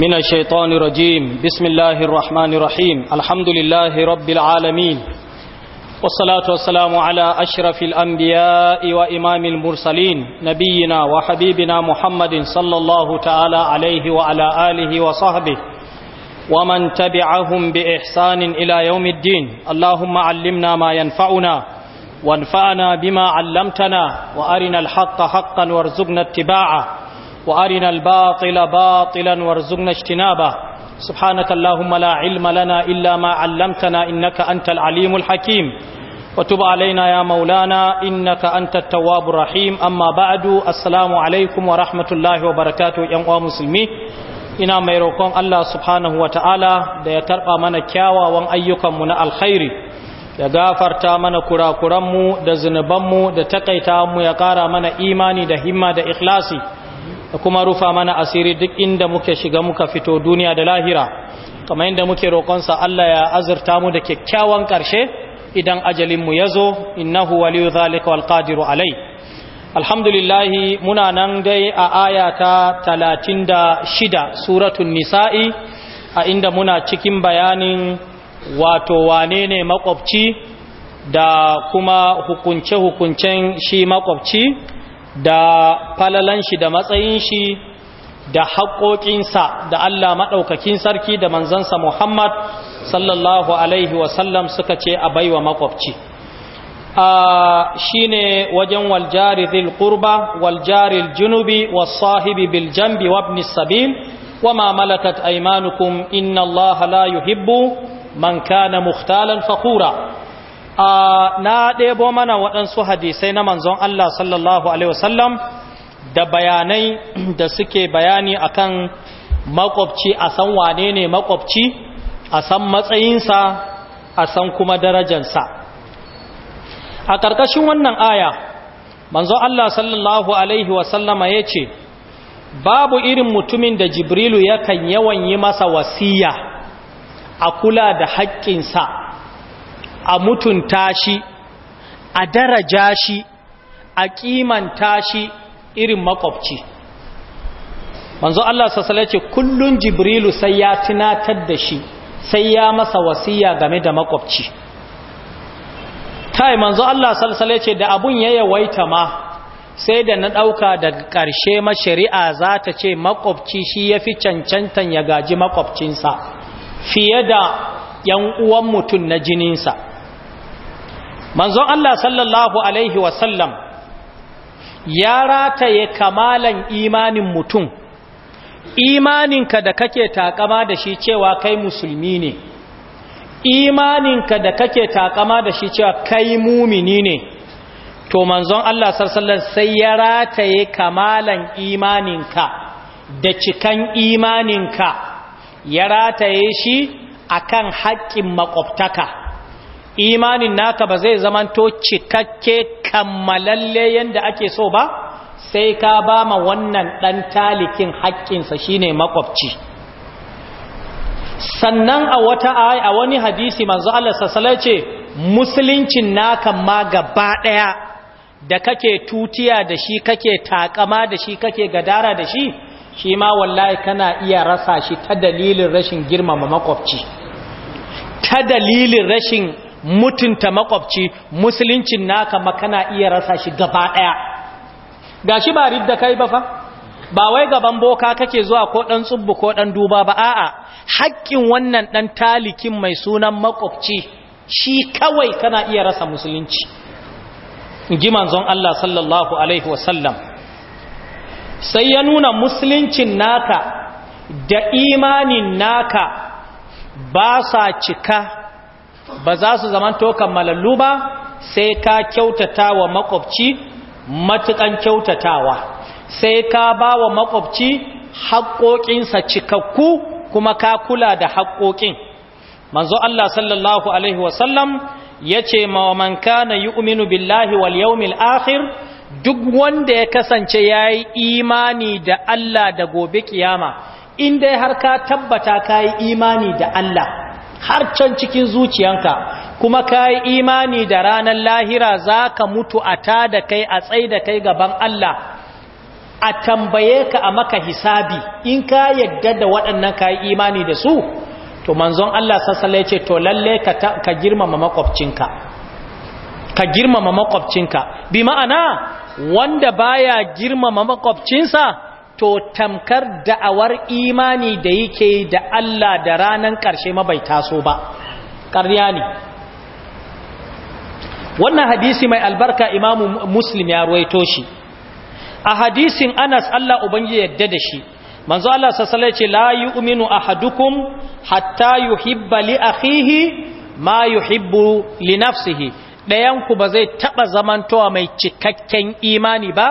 من الشيطان الرجيم بسم الله الرحمن الرحيم الحمد لله رب العالمين والصلاة والسلام على أشرف الأنبياء وإمام المرسلين نبينا وحبيبنا محمد صلى الله تعالى عليه وعلى آله وصحبه ومن تبعهم بإحسان إلى يوم الدين اللهم علمنا ما ينفعنا وانفعنا بما علمتنا وأرنا الحق حقا وارزقنا اتباعه وأرنا الباطل باطلا وارزقنا اجتنابه سبحانك اللهم لا علم لنا إلا ما علمتنا إنك أنت العليم الحكيم وتب علينا يا مولانا إنك أنت التواب الرحيم أما بعد السلام عليكم ورحمة الله وبركاته يا مسلمين ina mai roƙon Allah subhanahu wa ta'ala da ya tarɓa mana kyawawan ayyukanmu na alkhairi ya gafarta mana kurakuranmu da zunubanmu da takaita mu ya ƙara mana imani da himma da ikhlasi da kuma rufa mana asiri duk inda muke shiga muka fito duniya da lahira kamar yadda muke roƙonsa Allah ya azurta mu da kyakkyawan ƙarshe idan ajalinmu ya zo innahu waliyu zalika wal qadiru alai lillahi muna nan dai a aya ta shida suratun nisa'i a inda muna cikin bayanin wato wane ne makwabci da kuma hukunce-hukuncen shi makwabci da falalan shi da matsayin shi da haƙoƙinsa da Allah maɗaukakin sarki da manzansa Muhammad sallallahu Alaihi wasallam suka ce a baiwa makwabci. Shi ne wajen waljari zil ƙurba, waljari junubi, wasahibi biljambi wabni sabil, wa ma malakat aimanukum inna Allah la yuhibbu man kana muhtalan fakura. na ɗebo mana waɗansu hadisai na manzon Allah sallallahu Alaihi wasallam da bayanai da suke bayani akan makwabci a san wane ne makwabci a san matsayinsa a san kuma darajansa a ƙarƙashin wannan aya manzon Allah sallallahu alaihi wasallama ya ce babu irin mutumin da jibrilu yakan yawan yi masa wasiya a kula da haƙƙinsa a mutunta shi a daraja shi a kimanta shi irin makwabci manzo Allah sassale ce kullun jibrilu sai ya tunatar da shi sai ya masa wasiya game da makwabci kai manzo Allah sassale ce da abun ya yawaita ma sai da na ɗauka daga ƙarshe ma shari'a za ta ce makwabci shi ya fi cancantan ya gaji makwabcinsa fiye da ‘yan uwan mutum na jininsa’ manzon Allah sallallahu alaihi wasallam ya rataye kamalan imanin mutum imaninka da kake takama da shi cewa kai musulmi ne imaninka da kake takama da shi cewa kai mumini ne to manzon Allah sallallahu sai ya rataye kamalan imaninka da cikan imaninka ya rataye shi akan haƙƙin maƙwabtaka. imanin naka ba zai zamanto cikakke kammalalle yanda ake so ba sai ka ba ma wannan ɗan talikin haƙƙinsa shine makwabci sannan a wata a wani hadisi manzo Allah sassala ce musuluncin naka ma gaba ɗaya da kake tutiya da shi kake takama da shi kake gadara da shi shi ma wallahi kana iya rasa shi ta dalilin rashin girmama makwabci ta dalilin rashin mutunta makwabci musuluncin naka makana iya rasa shi gaba ɗaya ga shi ba ridda kai ba fa ba wai gaban boka kake zuwa ko ɗan tsubbu ko ɗan duba ba a'a haƙƙin wannan ɗan talikin mai sunan makwabci shi kawai kana iya rasa musulunci ji manzon Allah sallallahu alaihi wasallam sai ya nuna musuluncin naka da imanin naka ba sa cika ba za su zamanto kammalallu ba sai ka kyautata wa makwabci matukan kyautatawa sai ka ba wa makwabci haƙoƙinsa cikakku kuma ka kula da haƙoƙin manzo Allah sallallahu alaihi wasallam ya ce ma man kana yu'minu billahi wal yawmil akhir duk wanda ya kasance ya yi imani da Allah da gobe kiyama in dai har ka tabbata ka yi imani da Allah har can cikin zuciyanka kuma ka yi imani da ranar lahira za ka mutu a ta da kai a tsai da kai gaban Allah a tambaye ka a maka hisabi in ka yadda da waɗannan ka yi imani da su to manzon Allah sassale ce to lalle ka girmama makwabcinka ka girmama makwabcinka bi ma'ana wanda baya girmama makwabcinsa to tamkar da'awar imani da yake da Allah da ranan ƙarshe ma bai taso ba ƙarya ne wannan hadisi mai albarka imamu muslim ya ruwaito shi a hadisin anas Allah ubangi yadda da shi manzo Allah sassale ce la yi uminu a hatta yuhibba li akhihi ma yuhibbu li nafsihi ɗayanku ba zai taɓa zamantowa mai cikakken imani ba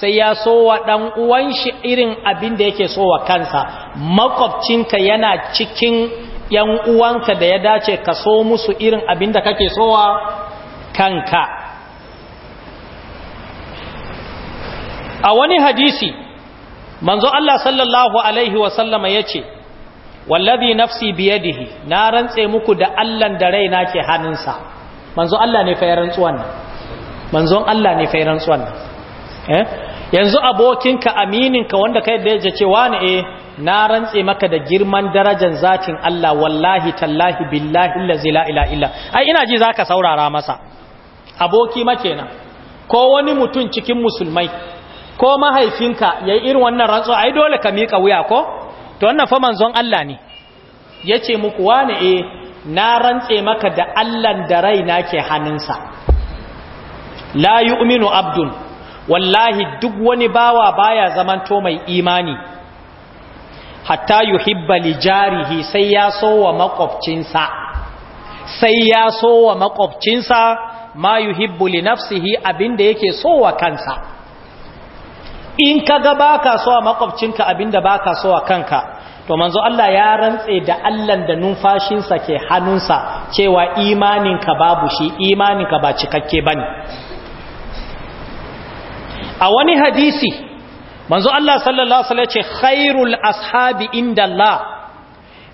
sai ya so wa ɗan uwan shi irin abin da yake so wa kansa makwabcinka yana cikin ‘yan uwanka da ya dace ka so musu irin abin da kake so wa kanka a wani hadisi manzo Allah sallallahu Alaihi wasallama ya ce wallabi nafsi biyadihi na rantse muku da allan da raina ke hannunsa manzon Allah ne fa rantsuwan nan manzon Allah ne fa rantsuwan nan eh yanzu abokinka amininka wanda kai da yaje cewa ne eh na rantse maka da girman darajar zatin Allah wallahi tallahi billahi allazi la ilaha illa ai ina ji zaka saurara masa aboki makena ko wani mutum cikin musulmai ko mahaifinka yayi irin wannan rantsuwa ai dole ka mika wuya ko to wannan fa manzon Allah ne yace muku wane eh na rantse maka da allan da raina ke hannunsa la yu'minu abdun wallahi duk wani bawa baya zamanto mai imani hatta yuhibba li jarihi sai ya so wa makwabcinsa sai ya so wa makwabcinsa ma yuhibbu li nafsihi abinda yake so wa kansa in kaga baka so wa makwabcinka abinda baka so wa kanka to manzo Allah ya rantse da Allah da numfashinsa ke hannunsa cewa imaninka babu shi imaninka ba cikakke bane a wani hadisi manzo Allah sallallahu alaihi wasallam ce khairul ashabi inda Allah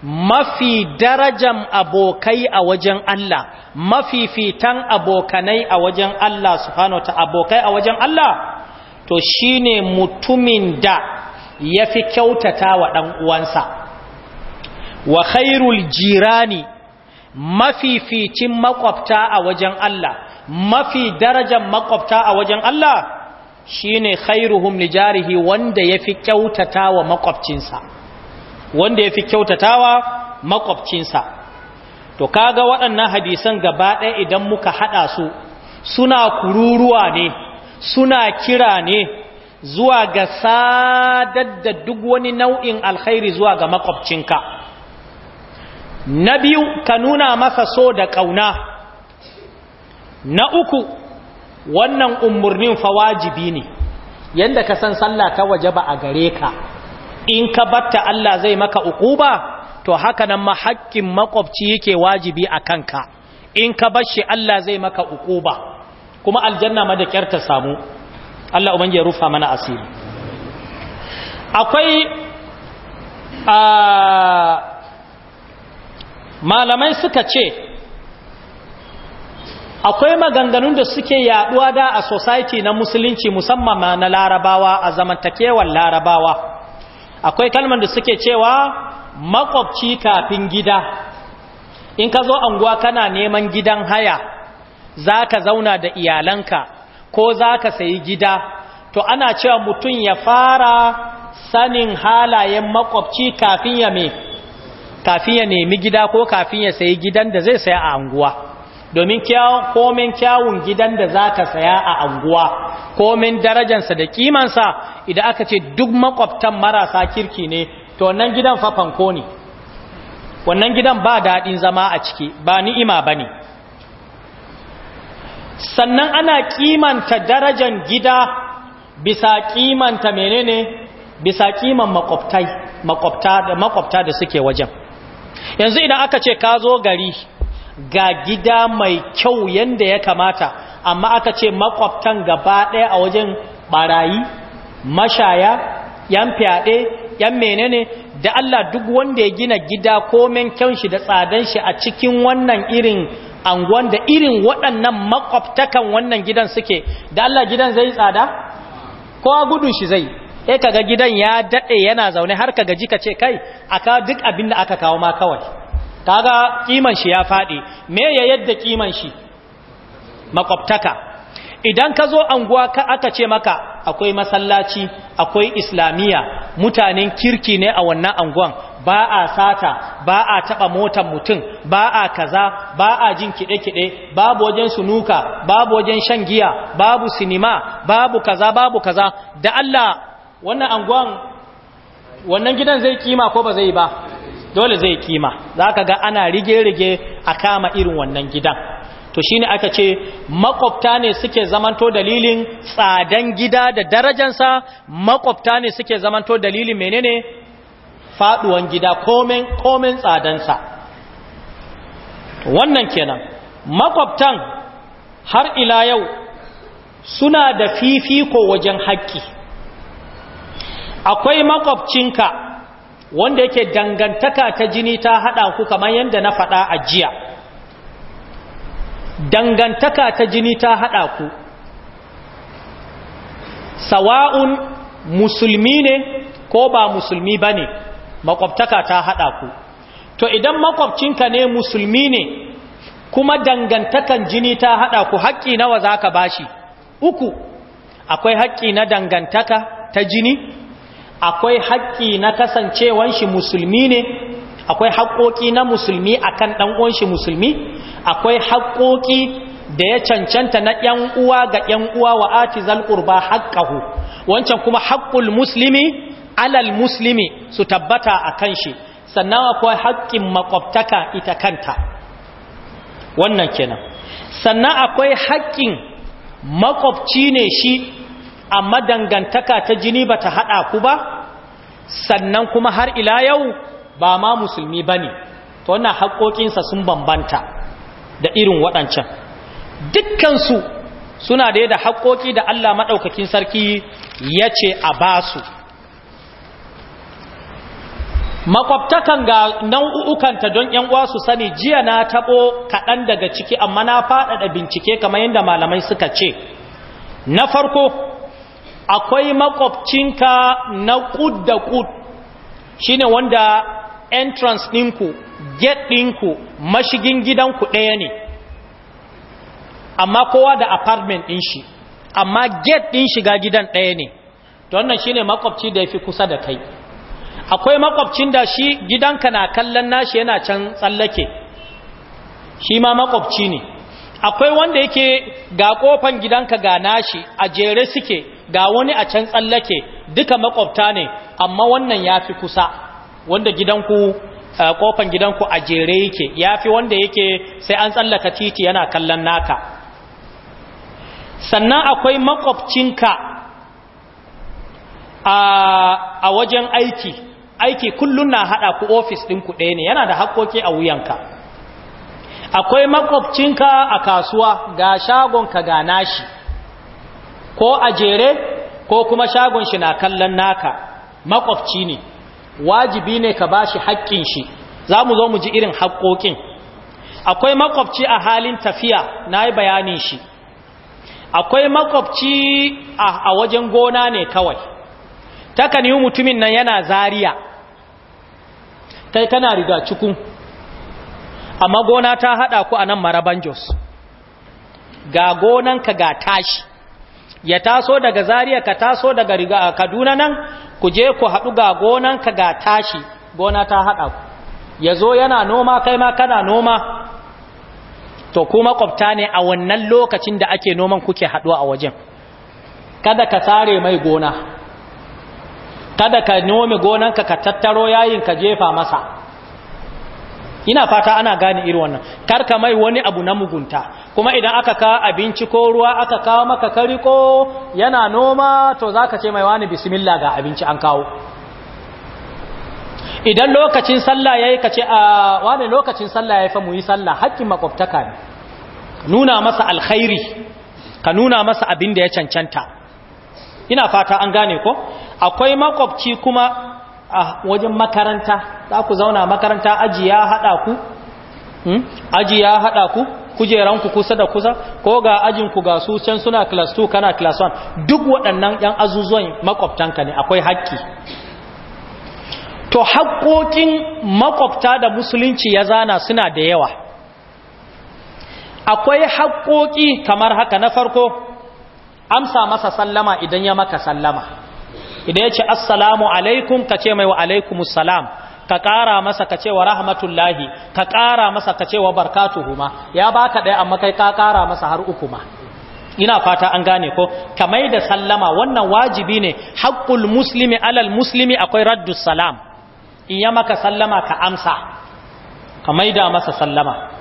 mafi darajan abokai a wajen Allah mafifitan abokanai a wajen Allah subhanahu ta abokai a wajen Allah to shine mutumin da ya fi kyautata wa ɗan uwansa wa khairul jirani mafificin makwabta a wajen Allah mafi darajar makwabta a wajen Allah shi ne khairuhum li jarihi wanda yafi kyautata wa makwabcinsa wanda ya yafi kyautatawa makwabcinsa to kaga waɗannan hadisan gaba ɗaya idan muka haɗa su suna kururuwa ne suna kira ne zuwa ga sadar da duk wani nau'in alkhairi zuwa ga makwabcinka na biyu ka nuna masa so da ƙauna na uku wannan umarnin fa wajibi ne yadda ka san sallah ta waje ba a gare ka in ka batta Allah zai maka ukuba to haka nan ma haƙƙin makwabci yake wajibi a kanka in ka bashi Allah zai maka ukuba kuma aljanna ma da kyar ta samu Allah ubangi ya rufa mana asiri akwai malamai suka ce akwai maganganun da suke yaduwa da a society na musulunci musamman na larabawa a zamantakewar larabawa akwai kalmar da suke cewa makwabci kafin gida in ka zo anguwa kana neman gidan haya za ka zauna da iyalanka ko za ka sayi gida to ana cewa mutum ya fara sanin halayen makwabci kafin ya me kafin ya nemi gida ko kafin ya sayi gidan da zai saya a anguwa domin komen kyawun gidan da za ka saya a anguwa komen darajansa da kimansa idan aka ce duk makwabtan marasa kirki ne to wannan gidan fafanko ne wannan gidan ba daɗin zama a ciki ba ni'ima ba ne sannan ana kimanta darajan gida bisa kimanta menene bisa kiman makwabtai makwabta da makwabta da suke wajen yanzu idan aka ce ka zo gari ga gida mai kyau yanda ya kamata amma aka ce makwabtan gaba ɗaya a wajen barayi mashaya yan fyaɗe yan menene da Allah duk wanda ya gina gida komen kyan shi da tsadan shi a cikin wannan irin anguwan da irin waɗannan makwabtakan wannan gidan suke da Allah gidan zai tsada kowa gudun shi zai e eh, kaga gidan ya daɗe yana zaune har kaga ji ka ce kai aka duk abin da aka kawo ma kawai kaga kiman shi ya faɗi me ya yadda kiman shi makwabtaka idan ka zo anguwa ka aka ce maka akwai masallaci akwai islamiyya mutanen kirki ne a wannan anguwan ba a sata ba a taɓa motan mutum ba a kaza ba a jin kiɗe-kiɗe babu wajen sunuka babu wajen shan giya babu sinima babu kaza babu kaza da Allah wannan anguwan wannan gidan zai kima ko ba zai ba dole zai kima za ka ga ana rige-rige a kama irin wannan gidan to shine aka ce makwabta ne suke zamanto dalilin tsadan gida da darajansa makwabta ne suke zamanto dalilin menene faduwan gida komen komen tsadansa wannan kenan makwabtan har ila yau suna da fifiko wajen haƙƙi akwai makwabcinka wanda yake dangantaka ta jini ta haɗa ku kamar yadda na faɗa a jiya dangantaka ta jini ta haɗa ku sawa'un musulmi ne ko ba musulmi bane? makwabtaka ta haɗa ku to idan makwabcinka ne musulmi ne kuma dangantakan jini ta haɗa ku haƙƙi nawa za ka bashi uku akwai haƙƙi na dangantaka ta jini akwai haƙƙi na kasancewan shi musulmi ne akwai haƙƙoƙi na musulmi akan ɗan uwan shi musulmi akwai haƙƙoƙi da ya cancanta na ‘yan uwa ga ‘yan uwa wa atizal ƙurba haƙƙahu wancan kuma haƙƙul musulmi alal muslimi su tabbata a kan shi sannan akwai haƙƙin makwabtaka ita kanta wannan kenan sannan akwai haƙƙin makwabci ne shi a madangantaka ta jini ba ta haɗa ku ba sannan kuma har ila yau ba ma musulmi ba ne to wannan haƙƙoƙinsa sun bambanta da irin waɗancan dukkansu suna da yadda haƙƙoƙi da Allah maɗaukakin sarki ya ce a basu makwabtakan ga nau'ukanta don ‘yan uwa su sani jiya na taɓo kaɗan daga ciki amma na faɗaɗa bincike kamar yadda malamai suka ce na farko akwai makwabcinka na ƙud da ƙud shi wanda entrance ɗinku gate ɗinku mashigin gidanku ɗaya ne amma kowa da apartment ɗin shi amma gate ɗin shiga gidan ɗaya ne to wannan shi ne makwabci da ya fi kusa da kai akwai makwabcin da shi gidanka na kallon nashi yana can tsallake shi ma makwabci ne akwai wanda yake ga kofan gidanka ga nashi a jere suke ga wani a can tsallake duka makwabta ne amma wannan ya fi kusa wanda gidanku kofan gidanku a jere yake ya fi wanda yake sai an tsallaka titi yana kallon naka sannan akwai makwabcinka a wajen aiki aiki kullum na haɗa ku ofis din ku ɗaya ne yana da haƙoƙi a wuyanka akwai makwabcinka a kasuwa ga shagon ka ga nashi ko a jere ko kuma shagon shi na kallon naka makwabci ne wajibi ne ka bashi haƙƙin shi za mu zo mu ji irin haƙoƙin akwai makwabci a halin tafiya na yi bayanin shi akwai makwabci a wajen gona ne kawai takan yi mutumin nan yana zariya kai kana riga cikin amma gona ta hada ku a nan maraban jos ga gonanka ga tashi ya taso daga zariya ka taso daga riga kaduna nan ku je ku haɗu ga gonanka ga tashi gona ta hada ku ya zo yana noma kai ma kana noma to kuma kwabta ne a wannan lokacin da ake noman kuke haɗuwa a wajen kada ka sare mai gona kada ka nome gonanka ka tattaro yayin ka jefa masa ina fata ana gane irin wannan kar ka mai wani abu na mugunta kuma idan aka ka abinci ko ruwa aka kawo maka kariko yana noma to zaka ce mai wani bismillah ga abinci an kawo idan lokacin sallah yayi ce a ah, wani lokacin sallah yayi fa mu yi sallah hakkin makwabtaka ne nuna masa alkhairi ka nuna masa abin da ya cancanta ina fata an gane ko akwai makwabci kuma a wajen makaranta za ku zauna makaranta aji ya haɗa ku hmm? aji ya haɗa ku kujeranku kusa da kusa ko ga ajinku ga su can suna class 2 kana class 1 duk waɗannan ‘yan azuzuwan makwabtanka ne akwai haƙƙi to haƙƙoƙin makwabta da musulunci ya zana suna da yawa akwai haƙƙoƙi kamar haka na farko amsa masa sallama idan ya maka sallama idan ya ce assalamu alaikum ka ce mai wa alaikumus salam ka ƙara masa ka ce wa rahmatullahi ka ƙara masa ka ce wa barkatuhu ma ya baka ɗaya amma kai ka kara masa har uku ma ina fata an gane ko kamai da sallama wannan wajibi ne haƙƙul muslimi alal muslimi akwai raddus salam in ya maka sallama ka amsa kamai da masa sallama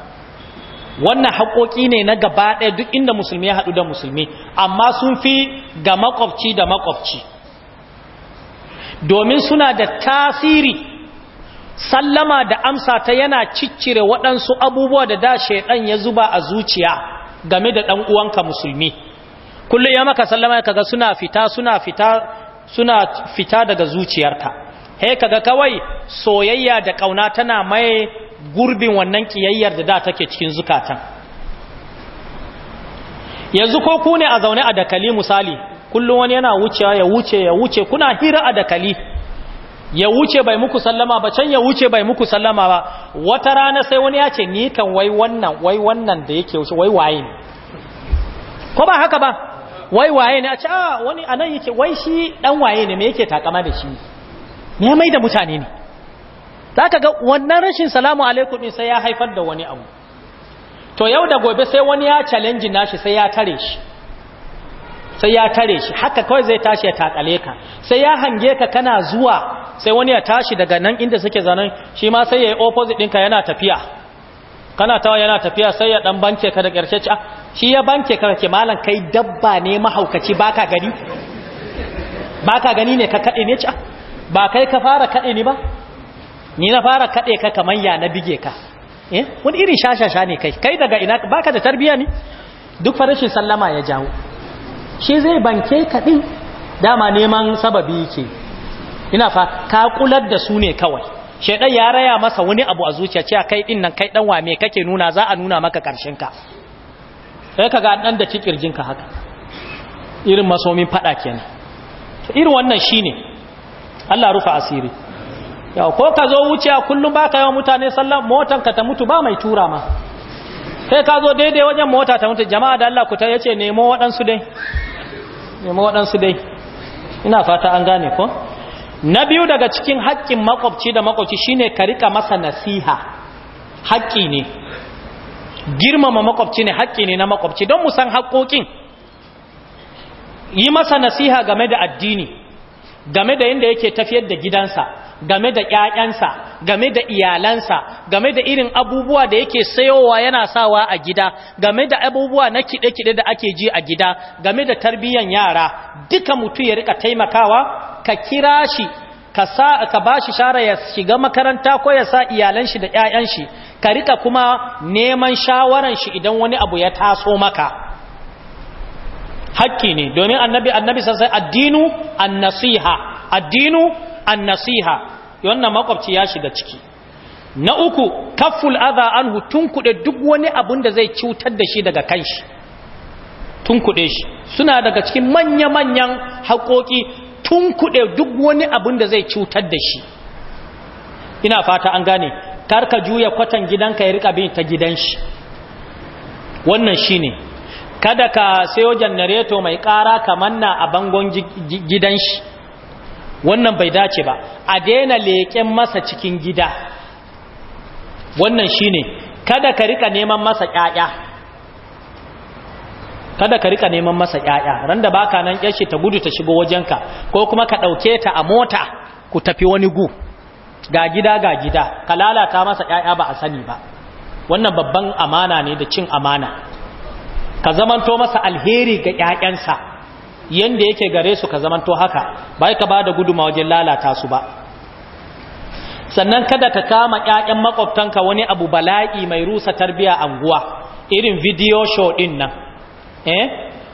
wannan haƙoƙi ne na gaba ɗaya duk inda musulmi ya haɗu da musulmi amma sun fi ga makwabci da makwabci domin suna da tasiri sallama da amsa ta yana ciccire waɗansu abubuwa da da shaiɗan ya zuba a zuciya game da ɗan'uwanka musulmi kullum ya maka sallama ya kaga suna fita suna fita suna fita daga zuciyarka he kaga kawai soyayya da kauna tana mai gurbin wannan kiyayyar da da take cikin zukatan yanzu ko ku ne a zaune a dakali misali kullum wani yana wucewa ya wuce ya wuce kuna hira a dakali ya wuce bai muku sallama ba can ya wuce bai muku sallama ba wata rana sai wani ya ce ni kan wai wannan wai wannan da yake wuce wai waye ne ko ba haka ba wai waye ne a ce a ah, wani anan yake wai shi dan waye ne me yake takama da shi ya mai da mutane ne za ka ga wannan rashin salamu alaikum sai ya haifar da wani abu to yau da gobe sai wani ya challenge nashi sai ya tare shi sai ya tare shi haka kawai zai tashi ya takale ka sai ya hange ka kana zuwa sai wani ya tashi daga nan inda suke zanen shi ma sai ya yi opposite ɗinka yana tafiya kana tawa yana tafiya sai ya dan banke ka da ƙarshe ci ah, shi ya banke ka ke malam kai dabba ne mahaukaci baka gani baka gani ne ka kaɗe ne ci ah, ba kai ka fara kaɗe ni ba ni na fara kaɗe ka kamar ya na bige ka eh wani irin shashasha ne kai kai daga ina baka da tarbiya ne duk farashin sallama ya jawo shi zai banke ka din dama neman sababi yake ina fa ka kular da su ne kawai shedan ya raya masa wani abu a zuciya cewa kai din nan kai dan kake nuna za a nuna maka karshen ka sai kaga dan da ka haka irin masomin fada kenan irin wannan shine Allah rufa asiri yau ko ka zo wuce kullum ba ka wa mutane sallah motan ka ta mutu ba mai tura ma sai ka zo daidai wajen mota ta mutu jama'a da Allah ku ta yace nemo waɗansu dai nemo waɗansu dai ina fata an gane ko na biyu daga cikin haƙƙin makwabci da makwabci shine ka rika masa nasiha haƙƙi ne girmama makwabci ne haƙƙi ne na makwabci don mu san haƙƙoƙin yi masa nasiha game da addini game da yadda yake tafiyar da gidansa game da ƴaƴansa game da iyalansa game da irin abubuwa da yake sayowa yana sawa a gida game da abubuwa na kide-kide da ake ji a gida game da tarbiyyan yara duka mutum ya rika taimakawa ka kira shi ka sa ka bashi shara ya shiga makaranta ko ya sa iyalan shi da ƴaƴan shi ka rika kuma neman shawaran shi idan wani abu ya taso maka haƙƙi ne domin annabi annabi sai addinu annasiha addinu annasiha nasiha wannan makwabci ya shiga ciki na uku kaful adha anhu tunkude duk wani abun da zai cutar da shi daga kanshi tunkude shi suna daga cikin manya-manyan haƙoƙi tunkuɗe duk wani abun da zai cutar da shi ina fata an gane karka juya kwatan gidanka ya rika bin ta gidan shi wannan shine kada ka sayo janareto mai ƙara kamar na a bangon gidan shi wannan bai dace ba a daina leƙen masa cikin gida wannan shine kada ka rika neman masa ƴaƴa kada ka rika neman masa ƴaƴa ran da baka nan ƴashi ta gudu ta shigo wajenka ko kuma ka ɗauke ta a mota ku tafi wani gu ga gida ga gida ka lalata masa ƴaƴa ba a sani ba wannan babban amana ne da cin amana ka zamanto masa alheri ga ƴaƴansa yanda yake gare su ka zamanto haka bai ka bada guduma wajen lalata su ba sannan kada ka kama ƴaƴan makwabtanka wani abu bala'i mai rusa tarbiya anguwa irin video show din nan eh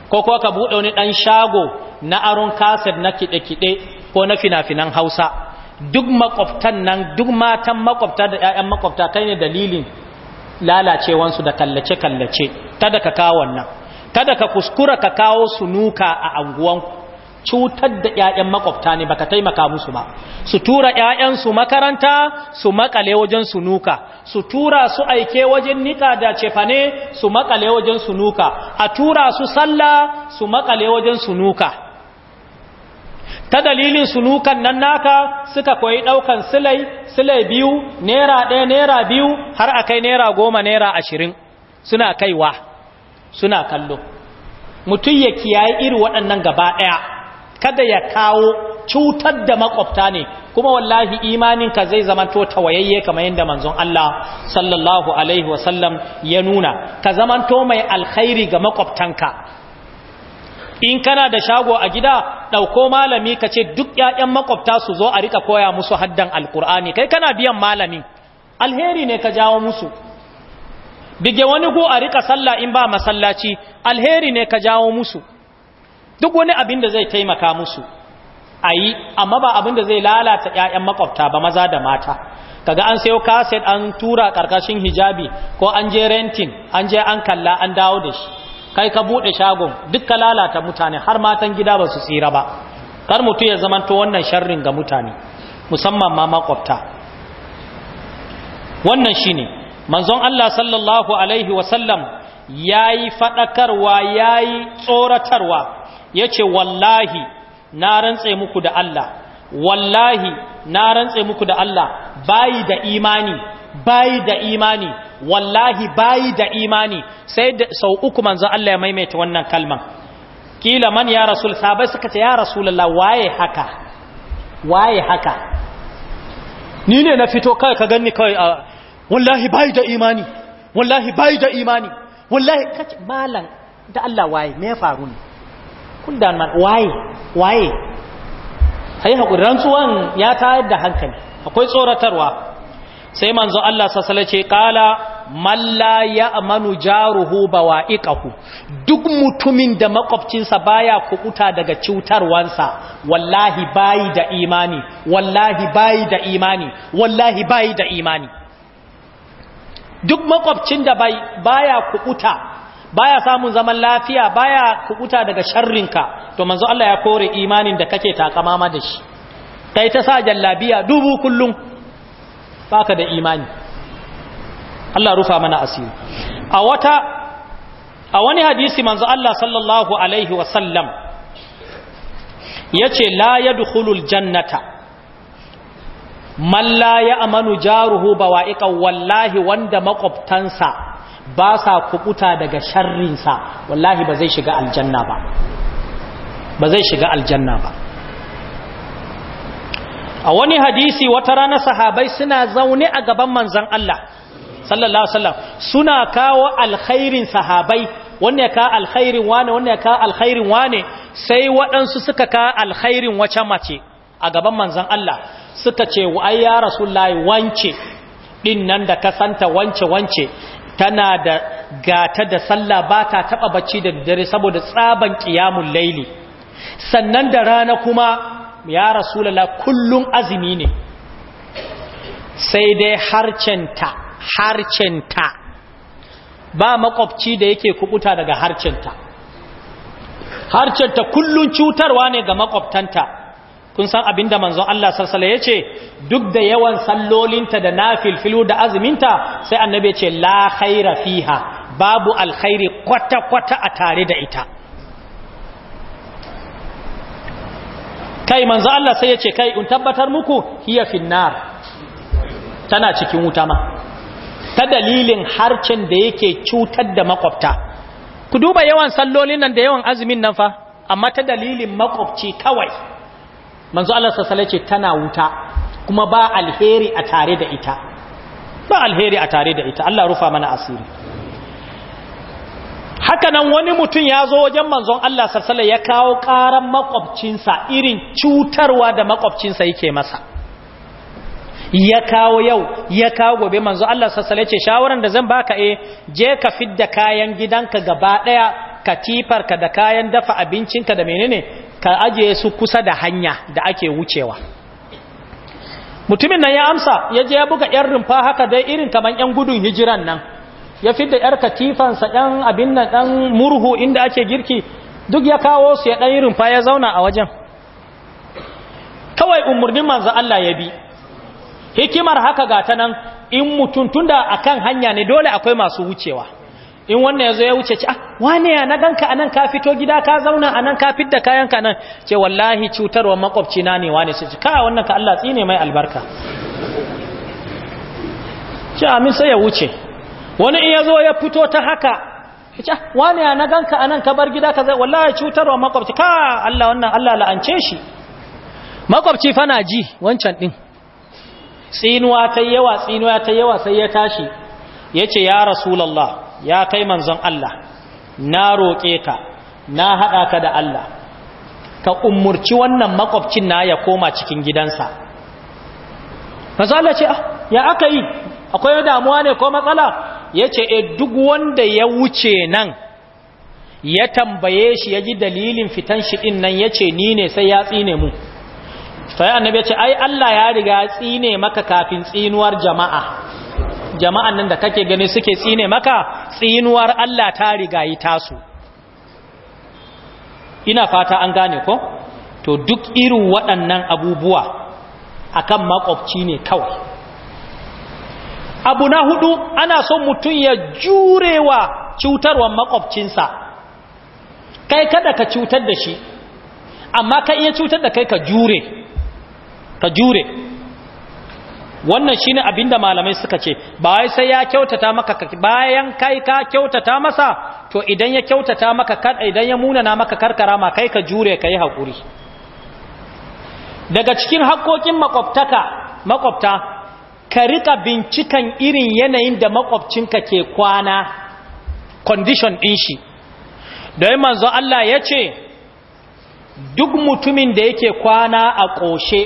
ko ko ka buɗe wani ɗan shago na aron kaset na kiɗe-kiɗe ko na fina-finan hausa duk makwabtan nan duk matan makwabta da 'ya'yan makwabta kai ne dalilin lalacewansu da kallace-kallace kada ka kawo wannan kada ka kuskura ka kawo sunuka a anguwanku cutar da 'ya'yan makwabta ne baka taimaka musu ba su tura 'ya'yansu makaranta su makale wajen sunuka su tura su aike wajen nika da cefane su makale wajen sunuka a tura su sallah su makale wajen sunuka ta dalilin sulukan nan naka suka koyi ɗaukan silai silai biyu naira ɗaya naira biyu har a kai naira goma naira ashirin suna kaiwa suna kallo mutum ya kiyaye iri waɗannan gaba ɗaya kada ya kawo cutar da makwabta ne kuma wallahi imaninka zai zama to tawayayye kamar yadda manzon Allah sallallahu alaihi wasallam ya nuna ka zama to mai alkhairi ga makwabtanka in kana da shago a gida ɗauko malami ka ce duk ‘ya'yan makwabta su zo a rika koya musu haddan alkur'ani kai kana biyan malami alheri ne ka jawo musu bige wani go a rika sallah in ba masallaci alheri ne ka jawo musu duk wani abin da zai taimaka musu ayi amma ba abin da zai lalata ‘ya'yan makwabta ba maza da mata kaga an sayo kaset an tura ƙarƙashin hijabi ko an je rentin an je an kalla an dawo da shi kai ka buɗe shagon duk ka lalata mutane har matan gida ba su tsira ba kar mutu ya zamanto wannan sharrin ga mutane musamman ma makwabta wannan shine manzon Allah sallallahu alaihi wasallam yayi fadakarwa yayi tsoratarwa yace wallahi na rantse muku da Allah wallahi na rantse muku da Allah bayi da imani bayi da imani wallahi bayi da imani sai da sau uku manzo Allah ya maimaita wannan kalman kila man ya rasul sabai suka ce ya rasulullah waye haka waye haka ni ne na fito kai ka ganni kai ah, wallahi bayi da imani wallahi bayi da imani wallahi kace malam da Allah waye me ya faru ne kun da man waye waye ai hakuri rantsuwan ya tayar da hankali akwai tsoratarwa sai manzo Allah sassala ce kala malla ya amanu jaruhu bawa'iqahu duk mutumin da makwabcinsa baya kukuta daga cutarwansa wallahi bayi da imani wallahi bayi da imani wallahi bayi da imani duk makwabcin da baya kukuta baya samun zaman lafiya baya kukuta daga sharrinka to manzo Allah ya kore imanin da kake takamama da shi kai ta sa jallabiya dubu kullum baka da imani Allah rufa mana asiri a wata a wani hadisi manzo Allah sallallahu alaihi wasallam yace la yadkhulul jannata man la ya'manu jaruhu bawa'iqa wallahi wanda makwabtansa ba sa kubuta daga sharrinsa wallahi ba zai shiga aljanna ba ba zai shiga aljanna ba a wani hadisi wata rana sahabai suna zaune a gaban manzan Allah sallallahu wasallam suna kawo alkhairin sahabai ya kawo alkhairin wane ya kawo alkhairin wane sai waɗansu suka kawo alkhairin wace mace a gaban manzan Allah suka ce ai ya rasulullahi wance din nan da kasanta wance wance tana da gata da sallah ba ta taɓa bacci da dare saboda tsaban ƙiyamun laili sannan da rana kuma ya rasulullah kullum azumi ne sai dai harcenta harcenta ba makwabci da yake kubuta daga harcenta harcenta kullum cutarwa ne ga makwabtanta kun san abinda manzon Allah sarsala ya ce duk da yawan sallolinta da nafilfilu da azuminta sai annabi ce la khaira fiha babu alkhairi kwata-kwata a tare da ita kai manzo Allah sai ya ce kai in tabbatar muku hiya finnar tana cikin wuta ma ta dalilin harcin da yake cutar da makwabta ku duba yawan sallolin nan da yawan azumin nan fa amma ta dalilin makwabci kawai manzo Allah sassale ce tana wuta kuma ba alheri a tare da ita ba alheri a tare da ita Allah rufa mana asiri haka nan wani mutum ya zo wajen manzon Allah sarsala ya kawo ƙaran makwabcinsa irin cutarwa da makwabcinsa yake masa ya kawo yau ya kawo gobe manzon Allah sarsala ya ce shawaran da zan baka e je ka fidda kayan gidanka gaba ɗaya katifarka da kayan dafa abincinka da menene ka ajiye su kusa da hanya da ake wucewa mutumin nan ya amsa ya je ya buga 'yan rumfa haka dai irin kamar 'yan gudun hijiran nan ya fidda yar katifansa ɗan abin nan ɗan murhu inda ake girki duk ya kawo su ya ɗan yi rumfa ya zauna a wajen kawai umarnin manzo Allah ya bi hikimar haka ga ta nan in mutum tunda akan hanya ne dole akwai masu wucewa in wannan yazo ya wuce ci ah wane ya na ganka anan ka fito gida ka zauna anan ka fitta kayan ka nan ce wallahi cutarwa makwabci na ne wane sai ka wannan ka Allah tsine mai albarka ce amin sai ya wuce wani iya zo ya fito ta haka ah, wani ya na ganka anan ka bar gida ka zai wallahi cutarwa makwabci ka Allah wannan Allah la'ance shi makwabci fana ji wancan ɗin. tsinuwa ta yawa tsinuwa ta yawa sai ya tashi yace ya rasulullah ya kai manzon Allah na roke ka na haɗa ka da Allah ka umurci wannan makwabcin na ya koma cikin gidansa manzon Allah ya ah, aka yi akwai damuwa ne ko matsala ya ce e duk wanda ya wuce nan ya tambaye shi ya ji dalilin fitan shi ɗin nan ya ce ni ne sai ya tsine mu sai annabi ya ce ai Allah ya riga tsine maka kafin tsinuwar jama'a jama'an nan da kake gani suke tsine maka tsinuwar Allah ta riga yi tasu ina fata an gane ko to duk irin waɗannan abubuwa akan makwabci ne kawai abu na hudu ana son mutum ya jurewa cutarwa makwabcinsa kai kada ka cutar da shi amma ka iya cutar da kai ka jure ka jure wannan shine abinda malamai suka ce ba wai sai ya kyautata maka bayan kai ka kyautata masa to idan ya kyautata maka kada idan ya munana maka karkara ma kai ka jure kai hakuri daga cikin haƙoƙin makwabtaka makwabta ka rika bincikan irin yanayin da makwabcinka ke kwana condition ɗin shi don manzo Allah ya ce duk mutumin da yake kwana a ƙoshe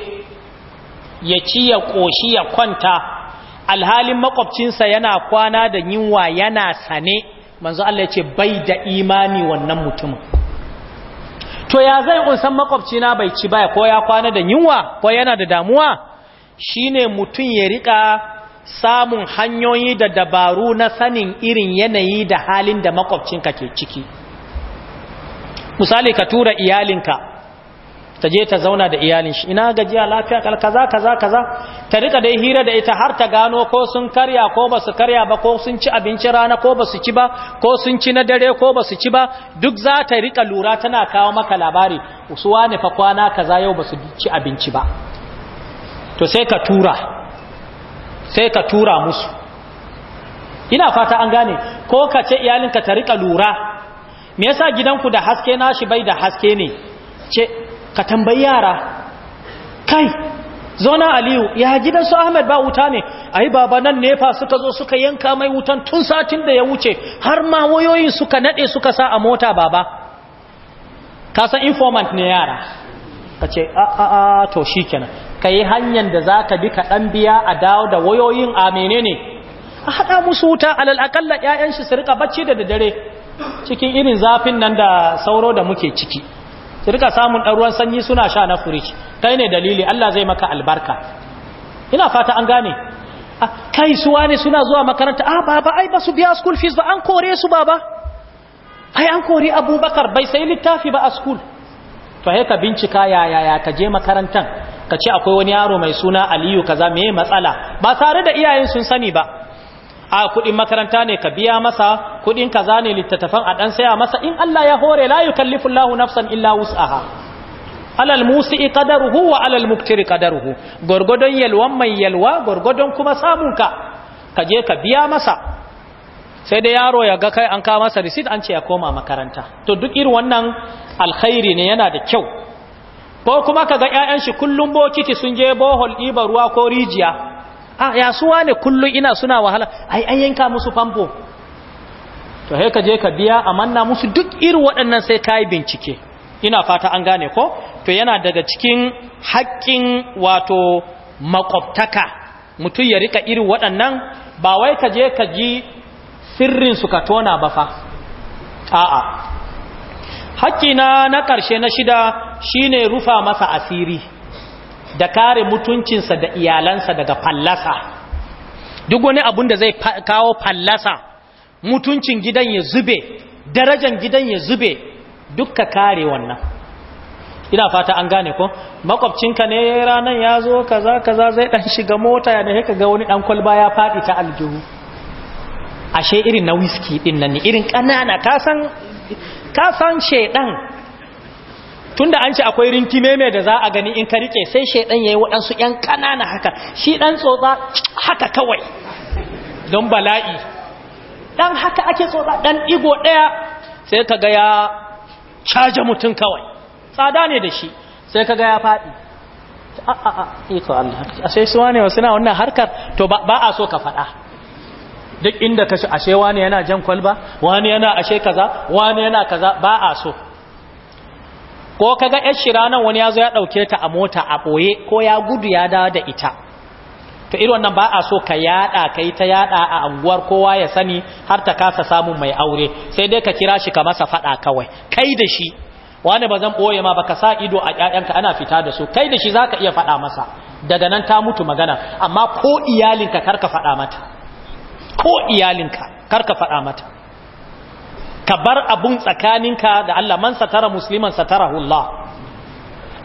ya ci ya ƙoshi ya kwanta alhalin makwabcinsa yana kwana da yinwa yana sane manzo Allah ya ce bai da imani wannan mutumin to ya zai ƙunsan makwabcina bai ci baya ko ya kwana da yinwa ko yana da damuwa shine mutum ya riƙa samun hanyoyi da dabaru na sanin irin yanayi da halin da makwabcinka ke ciki misali ka tura iyalinka ta je ta zauna da iyalin shi ina gajiya lafiya kaza kaza kaza ta rika dai hira da ita har ta gano ko sun karya ko ba su karya ba ko sun ci abinci rana ko ba su ci ba ko sun ci na dare ko ba su ci ba duk za ta rika lura tana kawo maka labari usuwa ne fa kwana kaza yau ba su ci abinci ba to sai ka tura sai ka tura musu ina fata an gane ko ka ce iyalinka ta rika lura me yasa gidanku da haske nashi bai da haske ne ce ka tambayi yara kai zona aliyu ya gidan su ahmed ba wuta ne ai baba nan nefa suka zo suka yanka mai wutan tun satin da ya wuce har ma wayoyin suka nade suka sa a mota baba kasan informant ne yara ka ce a a a to shi kenan ka yi hanyar da za ka bi ka ɗan biya a dawo da wayoyin a menene a haɗa musu wuta alal aƙalla 'ya'yan shi su rika bacci da dare cikin irin zafin nan da sauro da muke ciki su rika samun ɗan sanyi suna sha na firij kai ne dalili Allah zai maka albarka ina fata an gane kai su wani suna zuwa makaranta a baba ai ba su biya school fees ba an kore su baba ai an kore abubakar bai sai littafi ba a school to he ka bincika yayaya ka je makarantan ka ce akwai wani yaro mai suna aliyu kaza me matsala ba tare da iyayen sun sani ba a kudin makaranta ne ka biya masa kudin kaza ne littattafan a dan saya masa in Allah ya hore la yukallifu Allahu nafsan illa wus'aha alal musi'i qadaruhu wa alal muktiri qadaruhu gorgodon yalwan mai yalwa gorgodon kuma samunka ka je ka biya masa sai dai yaro ya ga kai an kawo masa receipt an ce ya koma makaranta to duk irin wannan alkhairi ne yana da kyau ko kuma ka ga ƴaƴan shi kullum bokiti sun je bohol ɗiba ruwa ko rijiya a ya suwa ne kullun ina suna wahala ai an yanka musu famfo to sai ka je ka biya amanna musu duk irin waɗannan sai kai bincike ina fata an gane ko to yana daga cikin haƙƙin wato makwabtaka mutum ya rika irin waɗannan ba wai ka je ka ji sirrin su ka tona ba fa a'a haƙƙina na ƙarshe na shida shine rufa masa asiri da kare mutuncinsa da iyalansa daga fallasa duk wani abun da zai kawo fallasa mutuncin gidan ya zube darajan gidan ya zube dukka kare wannan ina fata an gane ko makwabcinka ne ranan ya zo kaza kaza zai dan shiga mota ya ne ka ga wani dan kwalba ya faɗi ta aljihu ashe irin na whisky din nan ne irin ƙanana kasan kasan shedan tunda an ce akwai rinki meme da za a gani in ka rike sai shedan yayi waɗansu ƴan ƙanana haka shi dan tsotsa haka kawai don bala'i dan haka ake tsotsa dan igo daya sai kaga ya caja mutun kawai tsada ne da shi sai kaga ya fadi a a a iko Allah sai su wane wasu na wannan harkar to ba a so ka fada duk inda ka shi ashe wani yana jan kwalba wani yana ashe kaza wani yana kaza ba a so ko kaga yar shira nan wani yazo ya dauke ta a mota a boye ko ya gudu ya dawo da ita to irin wannan ba a so ka yada kai ta yada a anguwar kowa ya sani har ta kasa samu mai aure sai dai ka kira shi ka masa fada kawai kai da shi wani bazan boye ma baka sa ido a ƴaƴanka ana fita da su kai da shi zaka iya fada masa daga nan ta mutu magana amma ko iyalinka ka fada mata ko iyalinka kar ka faɗa mata ka bar abun tsakaninka da Allah man satara musliman satarahu Allah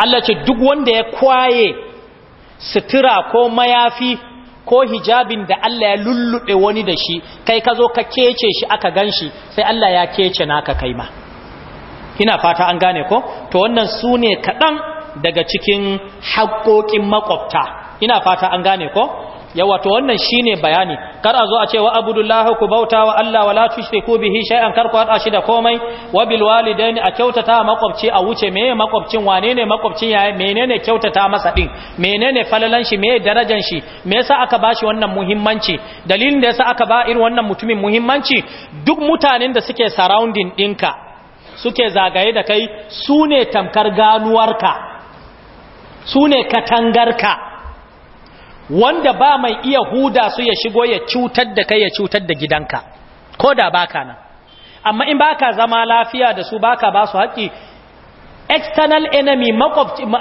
Allah ce duk wanda ya kwaye sutura ko mayafi ko hijabin da Allah ya lullube wani da shi kai ka zo ka kece shi aka gan shi, sai Allah ya kece naka kai ma ina fata an gane ko to wannan sune ne kaɗan daga cikin haƙoƙin maƙwabta ina fata an gane ko yawa to wannan shine bayani kar a zo a ce wa abudullahi ku bauta wa Allah wala tushriku bihi shay'an kar ku hada shi da komai wa bil walidaini a kyautata makwabci a wuce me makwabcin wane ne makwabcin yaye menene kyautata masa din menene falalan shi me darajan shi me yasa aka bashi wannan muhimmanci dalilin da yasa aka ba irin wannan mutumin muhimmanci duk mutanen da suke surrounding dinka suke zagaye da kai su ne tamkar ganuwarka sune ne katangarka wanda ba mai iya huda su ya shigo ya cutar da kai ya cutar da gidanka ko da baka nan amma in baka zama lafiya da su baka ba su haƙi external enemy